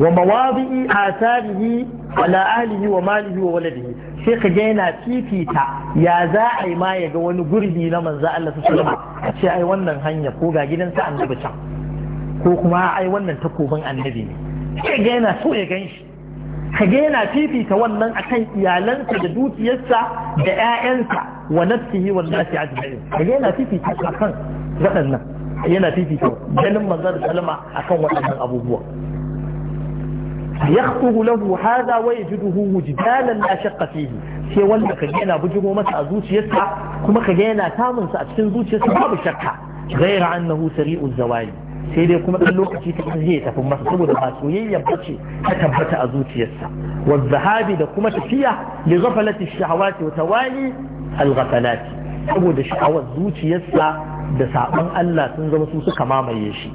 wa mawadi'i asarihi ala ahlihi wa malihi wa waladihi sai ka gaina fifita ya za a ma ya ga wani gurbi na manzo Allah su sulama a ce ai wannan hanya ko ga gidansa annabi can ko kuma ai wannan takobin annabi ne sai ga yana so ya gan ka gaina yana fifita wannan akan iyalansa da dukiyarsa da ƴaƴansa wa nafsihi wa nasi ajma'in ka ga yana fifita akan waɗannan fifita ganin da salama akan waɗannan abubuwa فيخطر له هذا ويجده وجدانا لا شق فيه sai wanda ka yana bujiro masa a zuciyarsa kuma ka yana samun sa a cikin zuciyarsa babu shakka ghaira annahu sari'u zawali sai dai kuma dan lokaci ta zai tafi masa saboda ba soyayya bace ta tabbata a zuciyarsa wa zahabi da kuma tafiya li ghafalati shahawati wa tawali al saboda sha'awar zuciyarsa da sabon Allah sun zama su suka mamaye shi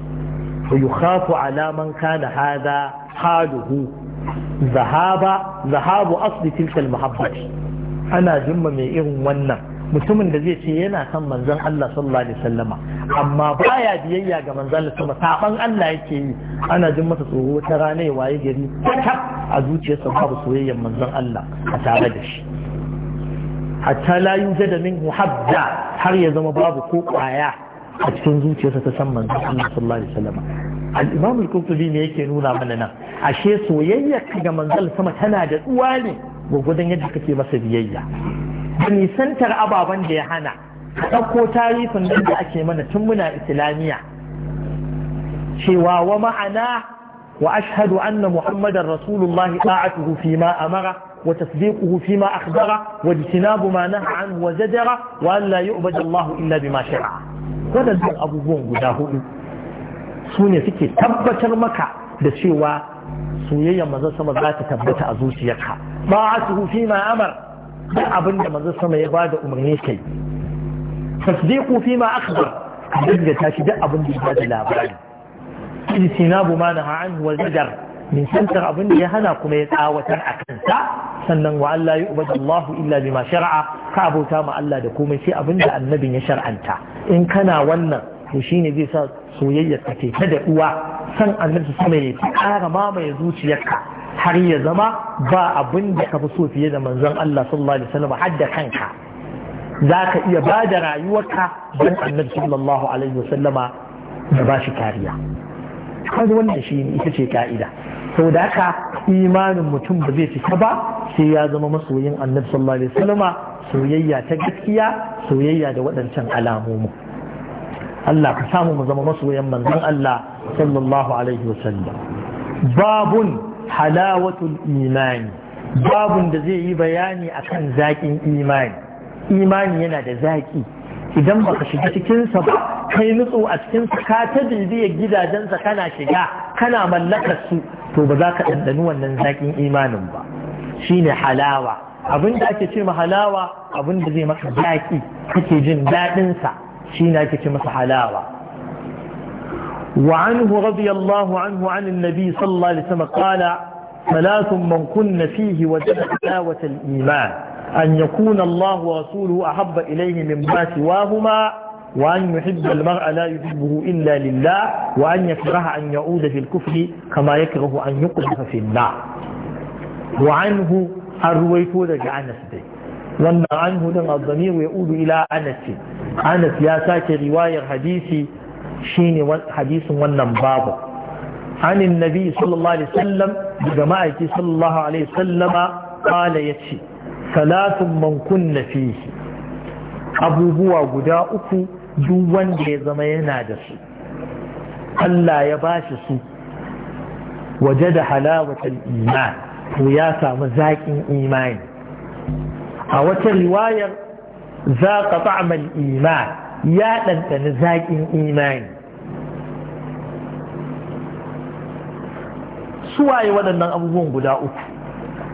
fa yukhafu ala man kana zahabu asli tilka ana jimma mai irin wannan mutumin da zai ce yana son manzon Allah sallallahu alaihi wasallama amma baya biyayya ga manzon Allah sama saban Allah yake yi ana jin masa tsoro ta rana ya waye gari tak a zuciyarsa babu soyayyar manzon Allah a tare da shi hatta la yujada minhu habda har ya zama babu ko kwaya a cikin zuciyarsa ta san manzon Allah sallallahu alaihi wasallam al-imam al-qurtubi ne yake nuna mana nan ashe soyayya ga manzon sama tana da tsuwa ne gwagwadon yadda kake masa biyayya da nisantar ababen da ya hana ka ɗauko tarifin nan da ake mana tun muna islamiyya cewa wa ma'ana wa ashhadu anna muhammadan rasulullahi ta'atuhu fi ma amara وتصديقه فيما أخبره واجتناب ما نهى عنه وزجره وأن لا يؤبد الله إلا بما شرعه waɗannan abubuwan guda hudu su ne suke tabbatar maka da cewa soyayyar manzon sama za ta tabbata a zuciyarka ba a su fi ma amar da abin da manzon sama ya bada umarni kai tasdiqu kufi ma akhbar ka ta tashi duk abin da ya bada labari idinabu ma naha anhu wal nisantar abin da ya hana kuma ya tsawatar a kansa sannan wa Allah ya ubada Allah illa bima shar'a ka abota ma Allah da komai sai abin da annabin ya shar'anta in kana wannan to shine zai sa soyayya ka ce ta da uwa san annabi sama ya ci mamaye zuciyarka har ya zama ba abin da ka fi so fiye da manzon Allah sallallahu alaihi wasallam kanka za ka iya ba da rayuwarka don annabi sallallahu alaihi wasallama da ba shi kariya har wannan shi ita ce ka'ida sau da haka imanin mutum ba zai cika ba sai ya zama masoyin annabi sallallahu alaihi wasallama soyayya ta gaskiya soyayya da waɗancan alamomi Allah ka samu mu zama masoyan manzon Allah sallallahu alaihi wasallam babun halawatul imani babun da zai yi bayani akan zaƙin imani imani yana da zaƙi idan baka shiga cikinsa ba kai nutsu a cikinsa ka ta bibiyar gidajensa kana shiga kana mallakar su to ba za ka ɗanɗani wannan zaƙin imanin ba shine halawa abin da ake ce ma halawa abin da zai maka zaƙi kake jin daɗinsa shine ake ce masa halawa وعنه رضي الله عنه عن النبي صلى الله عليه وسلم قال ثلاث من كن فيه وجد حلاوة الإيمان أن يكون الله ورسوله أحب إليه مما سواهما وأن يحب المرء لا يحبه إلا لله وأن يكره أن يعود في الكفر كما يكره أن يقذف في النار وعنه الرويت لك أنس دي وأن عنه لن الضمير يعود إلى أنس أنس يا ساك رواية حديثي شيني حديث ونن بابه عن النبي صلى الله عليه وسلم جماعة صلى الله عليه وسلم قال يتشي salatun man kunna fihi abubuwa guda uku duk wanda ya zama yana da su Allah ya bashi su waje da halawatar iman to ya samu zaƙin imani a wata riwayar za ka ta'amal iman ya ɗanɗani zaƙin imani suwaye waɗannan abubuwan guda uku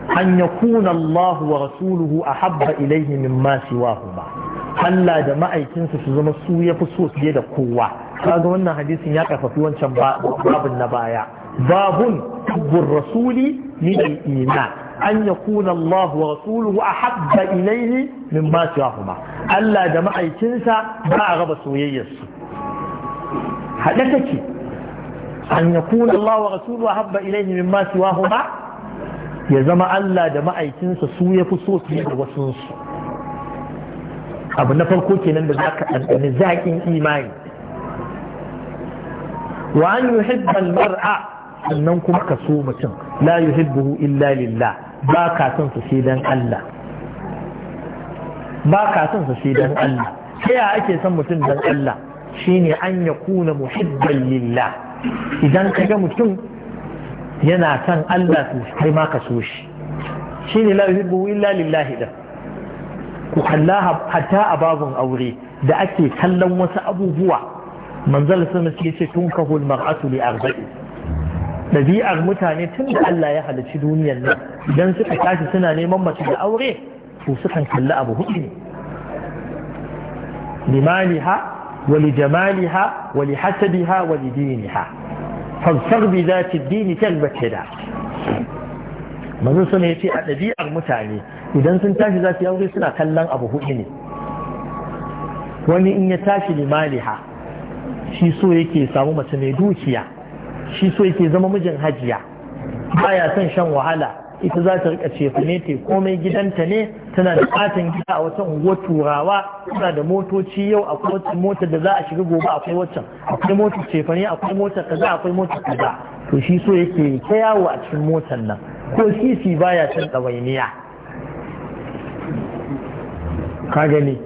an ya kuna Allah wa rasuluhu a habba ilaihi ahabba ilayhi mimma siwahuma Allah da ma'aikinsa su zama su yafi so fiye da kowa kaga wannan hadisin ya karfafi wancan babun na baya babun hubbur rasuli min al-iman an ya kuna Allah wa rasuluhu a habba ahabba ilayhi mimma siwahuma Allah da ma'aikinsa ba a raba soyayyarsu haɗe take an ya kuna Allah wa rasuluhu a habba ahabba ilayhi mimma siwahuma ya zama Allah da ma'aikinsa su ya fi so fiye da wasunsu abu na farko kenan da za ka ɗanɗani zaƙin imani wa an yuhibbal mar'a sannan kuma ka so mutum la yuhibbuhu illa lillah ba ka son su sai dan Allah ba ka son su sai don Allah sai ya ake son mutum dan Allah shine an yakuna muhibban lillah idan ka ga mutum yana son Allah to kai ma ka so shi shine la yuhibbu illa lillahi da ku kalla hatta a babun aure da ake kallon wasu abubuwa manzal sun ce ce tun kahul mar'atu li arba'i dabi'ar mutane tun da Allah ya halarci duniyar nan idan suka tashi suna neman mace da aure to sukan kalli abu hudu ne limaliha wa li jamaliha wa li hasabiha wa li diniha fansar bi za ta dini tarbace da mazin suna ya ce a ɗabi'ar mutane idan sun tashi za su aure suna kallon abu hudu ne wani in ya tashi limaliha shi so yake samu mace mai dukiya shi so yake zama mijin hajiya baya son shan wahala ita za ta rika cefane ta te komai gidanta ne tana da katin gida a wata unguwar turawa tana da motoci yau akwai wata motar da za a shiga gobe akwai waccan akwai motar cefane akwai motar kaza akwai motar kaza to shi so yake ta yawo a cikin motar nan ko sisi baya cin ɗawainiya ka gani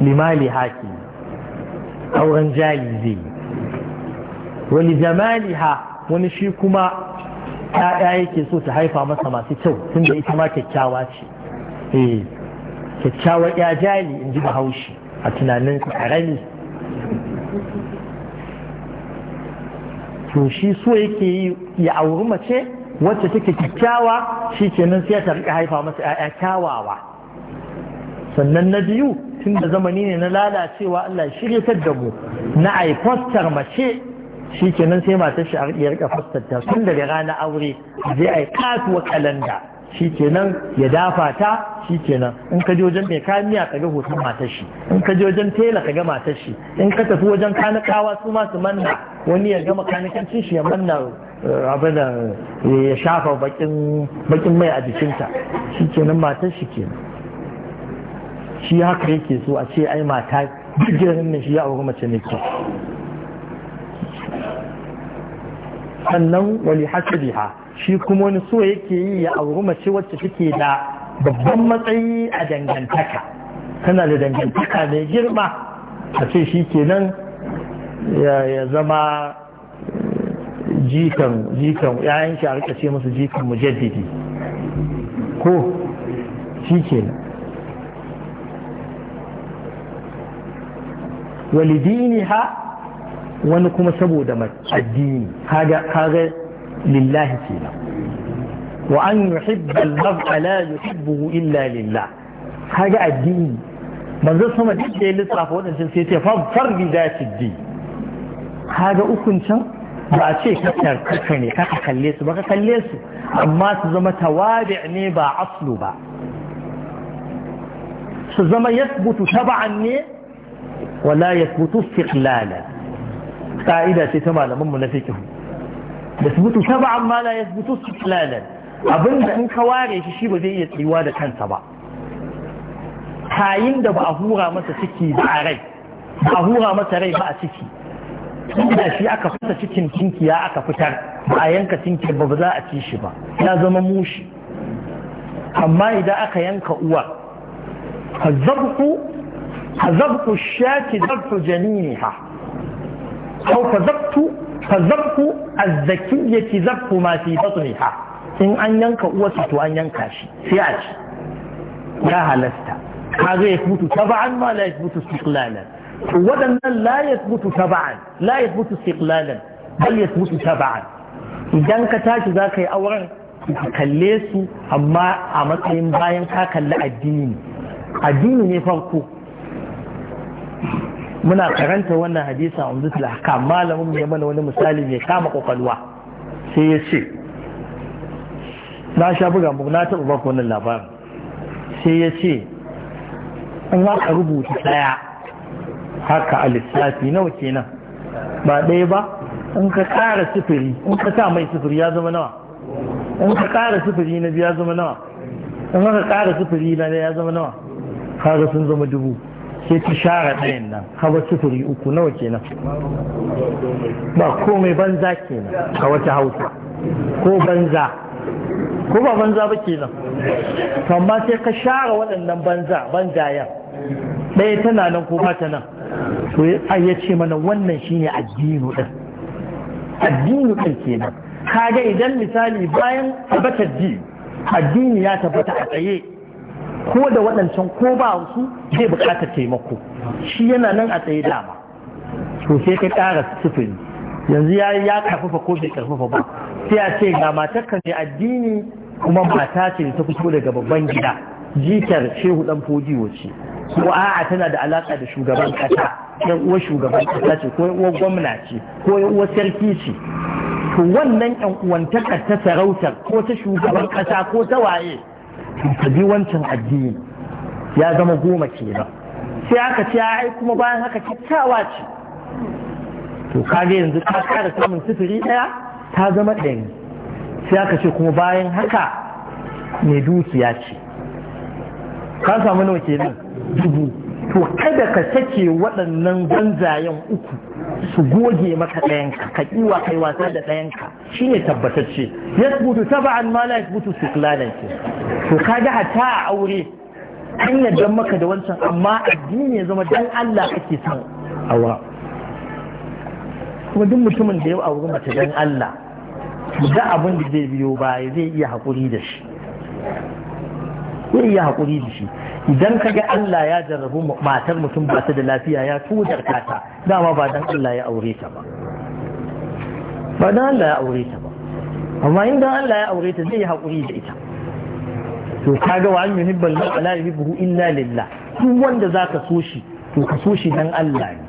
limali haki auren jali zai wani jamaliha wani shi kuma 'ya'ya yake so ta haifa masa masu kyau tun da ita ma kyakkyawa ce eh kyakkyawar ya jali in ji haushi a tunanin karami to shi so yake yi ya auri mace wacce take kyakkyawa shi ke nan sai ta rika haifa masa 'ya'ya kyawawa sannan na biyu tun da zamani ne na lalacewa Allah shirya da mu na aifostar mace shi kenan sai matar shi ya rika fastanta tun daga na aure zai ai kasuwa kalanda shi kenan ya dafa ta shi kenan in ka je wajen mai kamiya ka ga hoton matar shi in ka je wajen tela ka ga matar shi in ka tafi wajen kanakawa su ma su manna wani ya gama cin shi ya manna eh, abinda eh, ya shafa bakin mai a jikinta shi kenan matar shi kenan shi haka yake so a ce ai mata duk gidan nan shi ya auri mace ne ke sannan wali hasadiha shi kuma wani so yake yi ya auri mace wacce take da babban matsayi a dangantaka tana da dangantaka mai girma a ce shi kenan ya zama eh, jikan jikan yayan shi a rika ce musu jikan mujaddidi ko shi kenan ha? wani kuma saboda addini kaga lillahi kenan wa an yuhibba al-mar'a yuhibbuhu illa lillah kaga addini manzo sama duk da ya lissafa wadancan sai ce fa bi zati di kaga ukun can ba a ce kakar kaka ne kaka kalle su ba ka kalle su amma su zama tawadi ne ba aslu ba su zama yasbutu taba'an ne wala yasbutu istiqlala ƙa'ida ce ta malaman mu na fiqh da subutu tab'an ma la yathbutu abin abinda in ka ware shi shi ba zai iya tsiwa da kansa ba Kayin da ba a hura masa ciki ba a rai ba a hura masa rai ba a ciki inda shi aka fasa cikin tinkiya aka fitar ba a yanka tinki ba ba za a ci shi ba ya zama mushi amma idan aka yanka uwa hazabku hazabku shaki zabtu janiniha أو فزقت فزقت الزكية زقت ما في بطنها إن أن ينكا وسط أن ينكا شيء سياج يا هلست هذا يثبت تبعا ما لا يثبت استقلالا ودنا لا يثبت تبعا لا يثبت استقلالا بل يثبت تبعا idan ka tashi za ka yi auren ka kalle su amma a matsayin bayan ka kalli addini addini ne farko muna karanta wannan hadisa a umdatul ahkam malamin mai mana wani misali mai kama kwakwalwa sai ya ce na sha buga mu na taɓa baku wannan labarin sai ya ce in haka rubuta ɗaya haka a lissafi nawa kenan ba ɗaya ba in ka ƙara sifiri in ka sa mai sifiri ya zama nawa in ka ƙara sifiri na biya zama nawa in ka ƙara sifiri na ya zama nawa kaga sun zama dubu sai ta share ɗayan nan hawa sufuri uku nawa kenan ba komai banza kenan a wata hausa ko banza ko ba banza ba kenan amma sai ka share waɗannan banza yan ɗaya tana nan ko ta nan to ya ce mana wannan shine addinu ɗin addinu ɗin kenan kaga idan misali bayan tabbatar addini ya tabbata a tsaye ko da waɗancan ko ba su zai buƙatar taimako shi yana nan a tsaye dama to sai ka ƙara sufuri yanzu ya ya karfafa ko bai karfafa ba sai a ce ga matar ka ne addini kuma mata ce ta fito daga babban gida jikar shehu dan fodi wace. ko a'a tana da alaka da shugaban kasa Ɗan uwa shugaban kasa ce ko uwa gwamna ce ko uwa sarki ce to wannan yan uwantakar ta sarautar ko ta shugaban kasa ko ta waye ka bi wancan addini ya zama goma ke kenan sai aka ce ai kuma bayan haka kyakkyawa ce to kage yanzu ta kara samun sifiri daya ta zama ɗari sai aka ce kuma bayan haka mai dukiya ce ka samu nawa nan dubu to kada ka sake waɗannan banzayen uku su goge maka ɗayanka ka kiwa kai wasa da ɗayanka shine tabbatacce ta ba'an ma la yasbutu su ke to ka ga hata a aure an yadda maka da wancan amma addini ya zama dan Allah kake son awa. kuma duk mutumin da ya auri mace dan Allah da abin da zai biyo ba zai iya haƙuri da shi zai iya haƙuri da shi idan ka ga Allah ya jarrabu matar mutum ba ta da lafiya ya tudar ta dama ba dan Allah ya aure ta ba ba dan Allah ya aure ta ba amma in dan Allah ya aure ta zai yi haƙuri da ita to kaga ga an yuhibbu al-mar'a la yuhibbu illa lillah duk wanda za so shi to ka so shi dan Allah ne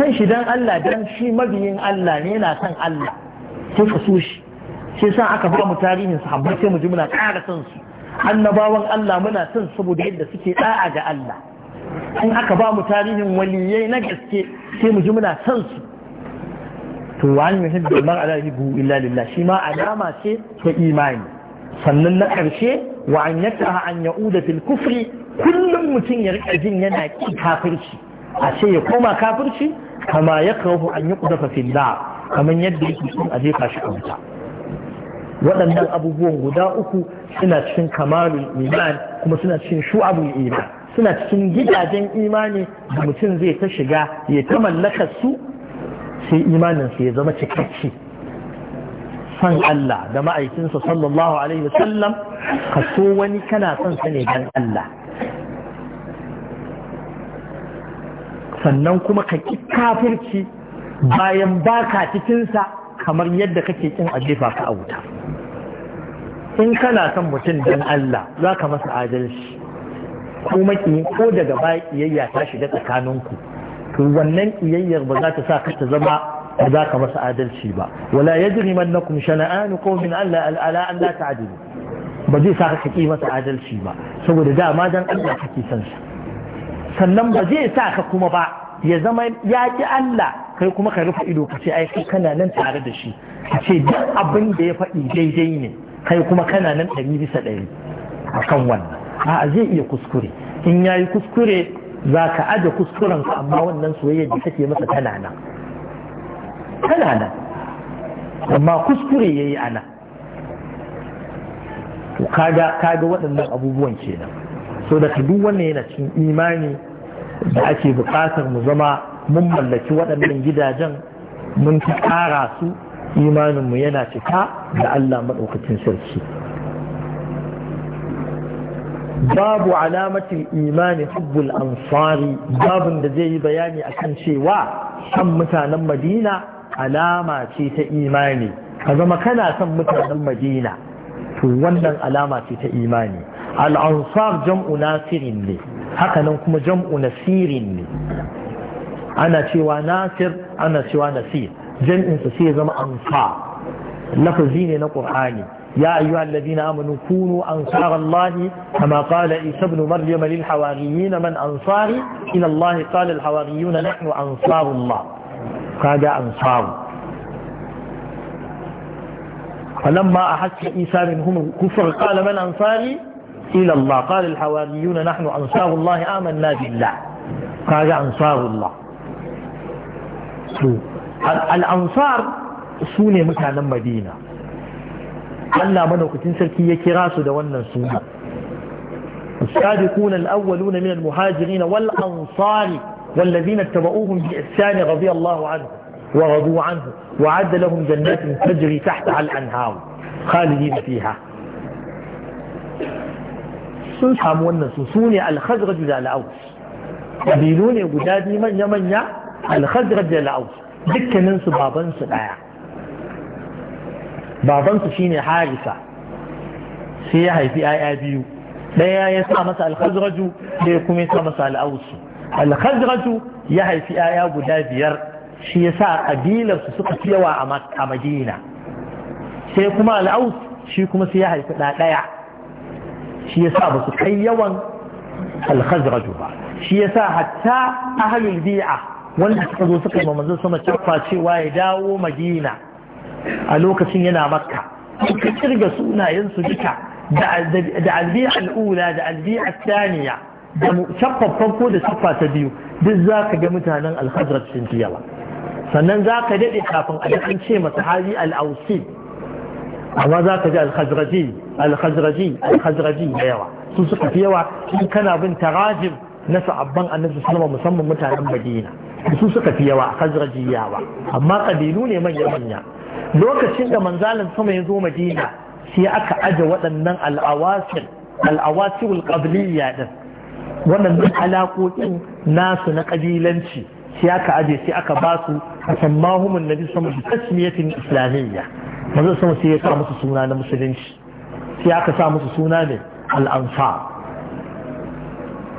san shi dan Allah dan shi mabiyin Allah ne yana son Allah sai ka so shi sai sa aka ba mu tarihin sahabbai sai mu ji muna ƙara son su annabawan Allah muna son saboda yadda suke da'a ga Allah in aka ba mu tarihin waliyai na gaske sai mu ji muna son su to wani muhimmin mar ala yubu illa lillah shi ma alama ce ta imani sannan na karshe wa an an yauda fil kufri kullum mutum ya rika jin yana ki kafirci a ce ya koma kafirci kama ya an yi kudafa fil kamar yadda yake a aje kashi a wuta waɗannan abubuwan guda uku suna cikin kamalul iman kuma suna cikin shu'abul iman suna cikin gidajen imani da mutum zai ta shiga ya ta mallakar su sai imanin ya zama cikakke san Allah da ma'aikinsa sallallahu alaihi wasallam ka so wani kana son sa ne dan Allah sannan kuma ka ki kafirci bayan baka cikinsa kamar yadda kake kin ajefa ka a wuta in kana son mutum don Allah za ka masa adalci ko maki ko daga baya kiyayya ta shiga tsakaninku to wannan kiyayyar ba za ta sa ka ta zama ba za ka masa adalci ba wala yajrimannakum shana'an qawmin alla ala an la ta'dilu ba zai sa ka ki masa adalci ba saboda dama dan Allah kake son sa sannan ba zai sa ka kuma ba ya zama ya ki Allah kai kuma ka rufe ido ka ce ai kana nan tare da shi ka ce duk abin da ya faɗi daidai ne kai kuma kana nan ɗari bisa ɗari a kan wannan a zai iya kuskure in ya yi kuskure za ka aje ka amma wannan soyayya da take masa tana nan tana nan amma kuskure ya yi ana to kaga kaga waɗannan abubuwan kenan so da duk wannan yana cikin imani da ake buƙatar mu zama mun mallaki waɗannan gidajen mun ta ƙara su imaninmu yana cika da Allah maɗaukacin sarki babu alamatin imani hubbul ansari babin da zai yi bayani akan cewa san mutanen madina alama ce ta imani ka zama kana san mutanen madina to wannan alama ce ta imani al'ansar jam'u nasirin ne hakanan kuma jam'u nasirin ne ana cewa nasir ana cewa nasir جمع زما أنصار لفظين القرآن يا أيها الذين آمنوا كونوا أنصار الله كما قال عيسى ابن مريم للحواريين من أنصاري إلى الله قال الحواريون نحن أنصار الله قال أنصار فلما أحس عيسى منهم الكفر قال من أنصاري إلى الله قال الحواريون نحن أنصار الله آمنا بالله قال أنصار الله al'ansar su ne mutanen madina Allah madaukakin sarki ya kira su da wannan suna السابقون الأولون من المهاجرين والأنصار والذين اتبعوهم بإحسان رضي الله عنه ورضوا عنه وعد لهم جنات تجري تحتها الأنهار خالدين فيها sun samu wannan su su ne alhazraju da al'aus ƙabilu ne guda biyu manya-manya alhazraju da al'aus dukkaninsu babansu ɗaya babansu shine harisa sai ya haifi 'ya'ya biyu ɗaya ya sa masa alkhazraju sai kuma ya sa masa al'ausu alkhazraju ya haifi 'ya'ya guda biyar shi ya sa ƙabilarsu suka fi yawa a madina sai kuma al'aus shi kuma sai ya haifi ɗaya shi ya sa ba su kai yawan alkhazraju ba shi ya sa hatta ahalul bi'a wanda suka zo suka yi manzon sama cewa cewa ya dawo madina a lokacin yana makka suka kirga sunayensu duka da albiya al'ula da albiya saniya da shaffar farko da shaffa ta biyu duk za ka ga mutanen alhazrat sun fi yawa sannan za ka daɗe kafin a an ce masa hali al'ausi amma za ka ji alhazraji alhazraji alhazraji da yawa su suka fi yawa in kana bin tarajim na sa'abban annabi sallama musamman mutanen madina su suka fi yawa hazrajiyawa amma kabilu ne manya manya lokacin da manzalin sama ya zo madina sai aka aje waɗannan al'awasil al'awasil qabliya din waɗannan alaƙoƙin nasu na kabilanci sai aka aje sai aka ba su sammahum annabi sama bi tasmiyatin islamiyya manzo sama sai ya sa musu suna na musulunci sai aka sa musu suna ne al-ansar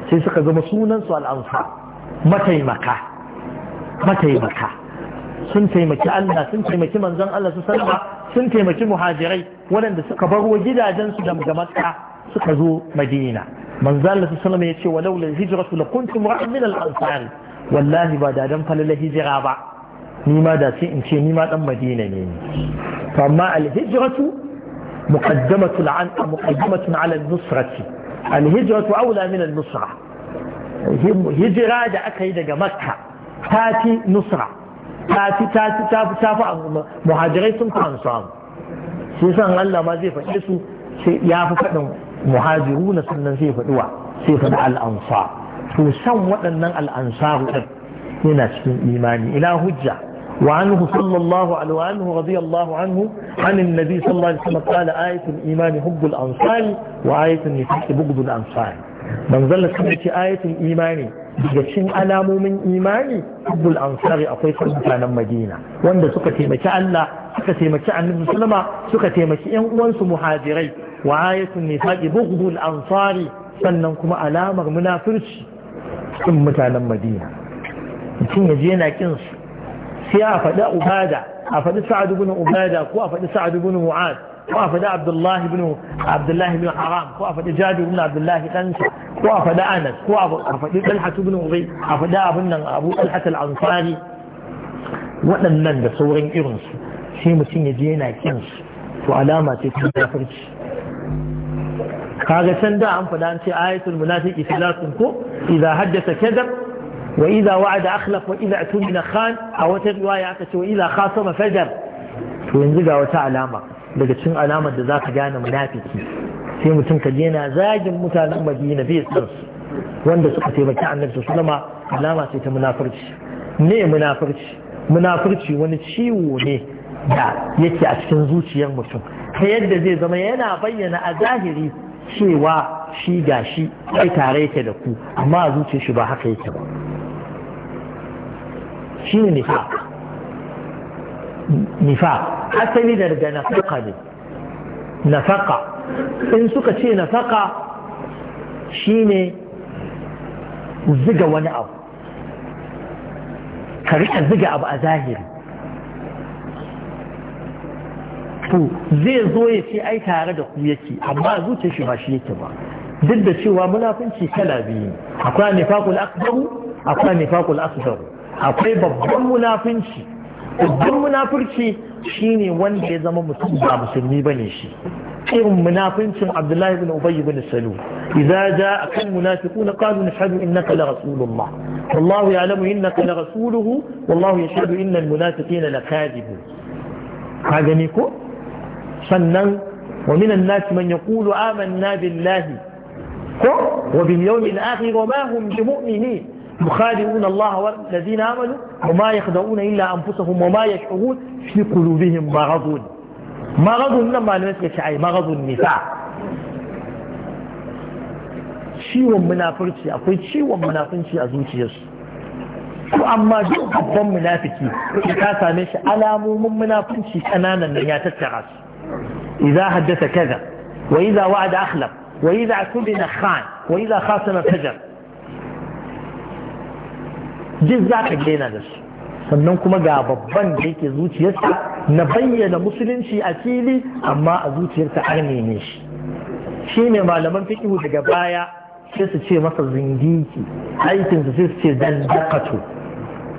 sai suka zama sunansu al'amfa mataimaka mataimaka sun taimaki Allah sun taimaki manzon Allah su sallama sun taimaki muhajirai waɗanda suka bar wa gidajensu da makka suka zo madina manzon Allah su sallama yace walau lal hijratu lakuntum la min al ansar wallahi ba da dan falala hijira ba ni ma da sai in ce ni ma dan madina ne ni to amma al hijratu muqaddamatun ala an muqaddamatun ala nusrati alhijratu aula min nusra hijira da aka yi daga makka ta fi nusra ta fi ta fi ta fi ta fi muhajirai sun fi ansaru sai san Allah ma zai faɗi su sai ya fi faɗin muhajiruna sannan zai faɗi wa faɗi al-ansar to san waɗannan al-ansaru yana cikin imani ina hujja وعنه صلى الله عليه وعنه رضي الله عنه عن النبي صلى الله عليه وسلم قال آية الإيمان حب الأنصار وآية النفاق بغض الأنصار من ظل سمعت آية الإيمان بجشن ألام من إيماني حب الأنصار أطيق كان مدينة وأن سكتي مكاء الله سكتي مكاء النبي صلى الله عليه وسلم سكتي مكاء وانس مهاجري وآية النفاق بغض الأنصار سننكم ألام منافرش ثم كان مدينة mutum ya je yana kin su sai a faɗi ubada a faɗi sa'ad ibn ubada ko a faɗi sa'ad ibn mu'ad ko a faɗi abdullahi ibn abdullahi ibn haram ko a faɗi jabir ibn abdullahi ɗansa ko a faɗi anas ko a faɗi talha ibn ubay a faɗi abin nan abu talha al-ansari waɗannan da sauran su sai mutum ya je yana kinsu to alama ce ta kafirci kaga can da an faɗa an ce ayatul munafiqi salatun ko idza haddatha kadhab wa iza wa'ada akhlaf wa iza tumina khan a wata riwaya aka ce wa iza khasama fajar to yanzu ga wata alama daga cikin alamar da zaka gane munafiki sai mutum ka je zagin mutanen Madina bai san wanda suka taimaki annabi sallallahu alaihi alama ce ta munafurci ne munafurci munafurci wani ciwo ne da yake a cikin zuciyar mutum ta yadda zai zama yana bayyana a zahiri cewa shi ga shi, kai tare yake da ku amma a zuciyar shi ba haka yake ba shine nifaq nifaq asali daga nafaqa ne nafaqa in suka ce nafaqa ne ziga wani abu ka ziga abu a zahiri to zai zo ya ce ai tare da ku yake amma zuciya shi ba shi yake ba duk da cewa munafunci kala biyu akwai nifaqul akbaru akwai nifaqul asghar akwai babban munafinci babban munafurci shine wanda ya zama mutum ba musulmi bane shi irin munafincin Abdullahi ibn Ubay ibn Iza ja a kan na qalu in innaka la rasulullah wallahu in innaka la rasuluhu wallahu yashhadu innal munafiqina lakadibun ka gani ko sannan wa minan nas man yaqulu amanna billahi ko wa bil yawmil akhir wa ma hum bimu'minin يخادعون الله والذين آمنوا وما يخدعون إلا أنفسهم وما يشعرون في قلوبهم مرض مرض لما نسك شعي مرض النفاق ciwon munafurci akwai ciwon munafunci a zuciyarsu ko amma duk babban munafiki ka same shi alamomin munafunci kananan nan ya tattara su idza haddatha kaza wa idza wa'ada akhlaf wa idza tumina khan wa idza khasama fajar duk za ka daina da su sannan kuma ga babban da yake zuciyarsa na bayyana musulunci a fili amma a zuciyarsa an neme shi shi ne malaman fikihu daga baya sai su ce masa zindiki aikinsa sai su ce dandakato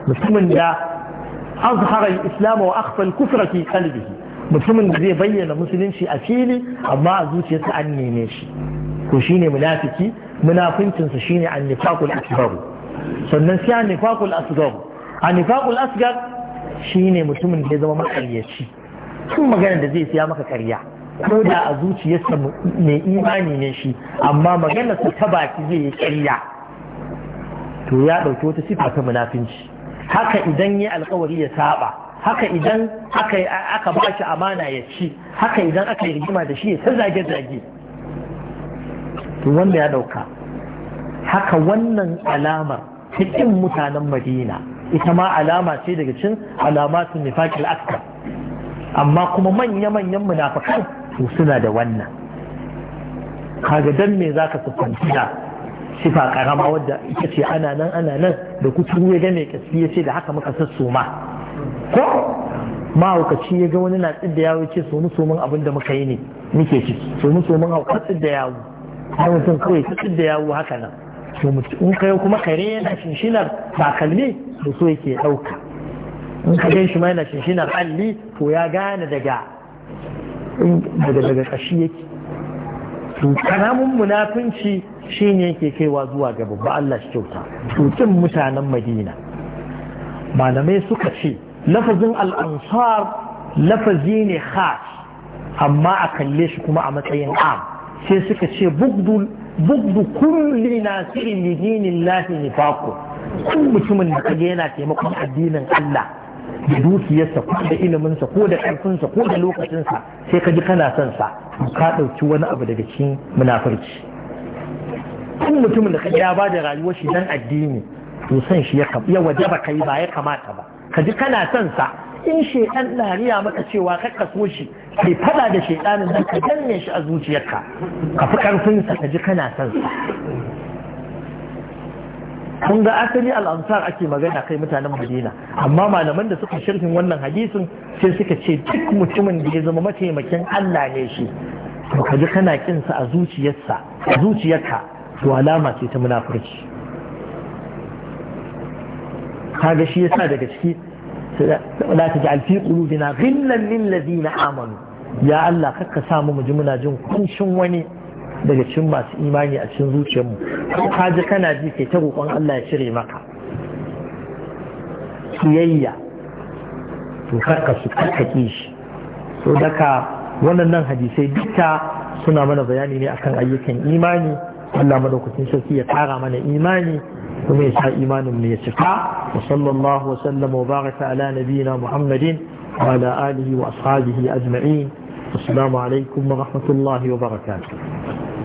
mutumin da azhara islam wa akhfa kufra fi qalbihi mutumin da zai bayyana musulunci a fili amma a zuciyarsa an neme shi ko shine munafiki su shine an-nifaqul akbaru sannan sai nifakul asgar a asgar shi shine mutumin da ya zama makaryaci tun magana da zai siya maka karya ko da a zuciyarsa mai imani ne shi amma maganarsa ta baki zai yi karya to ya ɗauki wata sifa ta munafinci haka idan ya alkawari ya saba haka idan aka ba shi amana ya ci haka idan aka yi rigima da shi ya ta zage-zage to wanda ya ɗauka haka wannan alamar cikin mutanen madina ita ma alama ce daga cin alamatun nifaqil akbar amma kuma manya-manyan munafikan su suna da wannan kaga dan me zaka siffanci da sifa karama wadda ita ce ana nan ana nan da kuturu ya gane mai kasi ya ce da haka muka sassoma ko mahaukaci ya ga wani na tsidda yawo ya ce somu somun abin da muka yi ne muke ci somu somun hauka tsidda yawo har mutum kawai ta tsidda yawo haka nan to in kai kuma kare yana shinshinar takalmi da so yake ɗauka in ka gan shi ma yana shinshinar alli to ya gane daga daga daga ƙashi yake to karamin munafunci shine yake kaiwa zuwa ga babba Allah shi kyauta to mutanen Madina malamai suka ce lafazin al'ansar lafazi ne khas amma a kalle shi kuma a matsayin am sai suka ce bugdul bugdu kulli nasirin li dinillahi nifaqu kun mutumin da kaje yana taimakon addinin Allah da dukiyarsa ko da iliminsa ko da ƙarfinsa ko da lokacinsa sai ka ji kana son sa ka ɗauki wani abu daga cikin munafurci kun mutumin da kaje ya ba da rayuwar shi dan addini to san shi ya wajaba kai ba ya kamata ba ka ji kana son sa in shi dariya maka cewa ka so shi kai fada da shaidanin da ka janye shi a zuciyarka ka fi karfinsa ka ji kana san sa kun ga asali al'amsar ake magana kai mutanen madina amma malaman da suka shirfin wannan hadisin sai suka ce duk mutumin da ya zama mataimakin allah ne shi to ka ji kana kinsa a zuciyarsa a zuciyarka to alama ce ta munafurci kaga shi yasa daga ciki da taj'al fi qulubina ghillan lil ladina amanu ya Allah kakka samu mu ji muna jin kunshin wani daga cikin masu imani a cikin zuciyarmu ko ka ji kana ji kai ta roƙon Allah ya cire maka kiyayya to kakka su kakka ki shi to daga wannan hadisai duka suna mana bayani ne akan ayyukan imani Allah madaukakin sarki ya kara mana imani kuma ya sa imanin mu ya cika wa sallallahu wa sallama wa baraka ala nabiyina muhammadin وعلى آله وأصحابه أجمعين السلام عليكم ورحمة الله وبركاته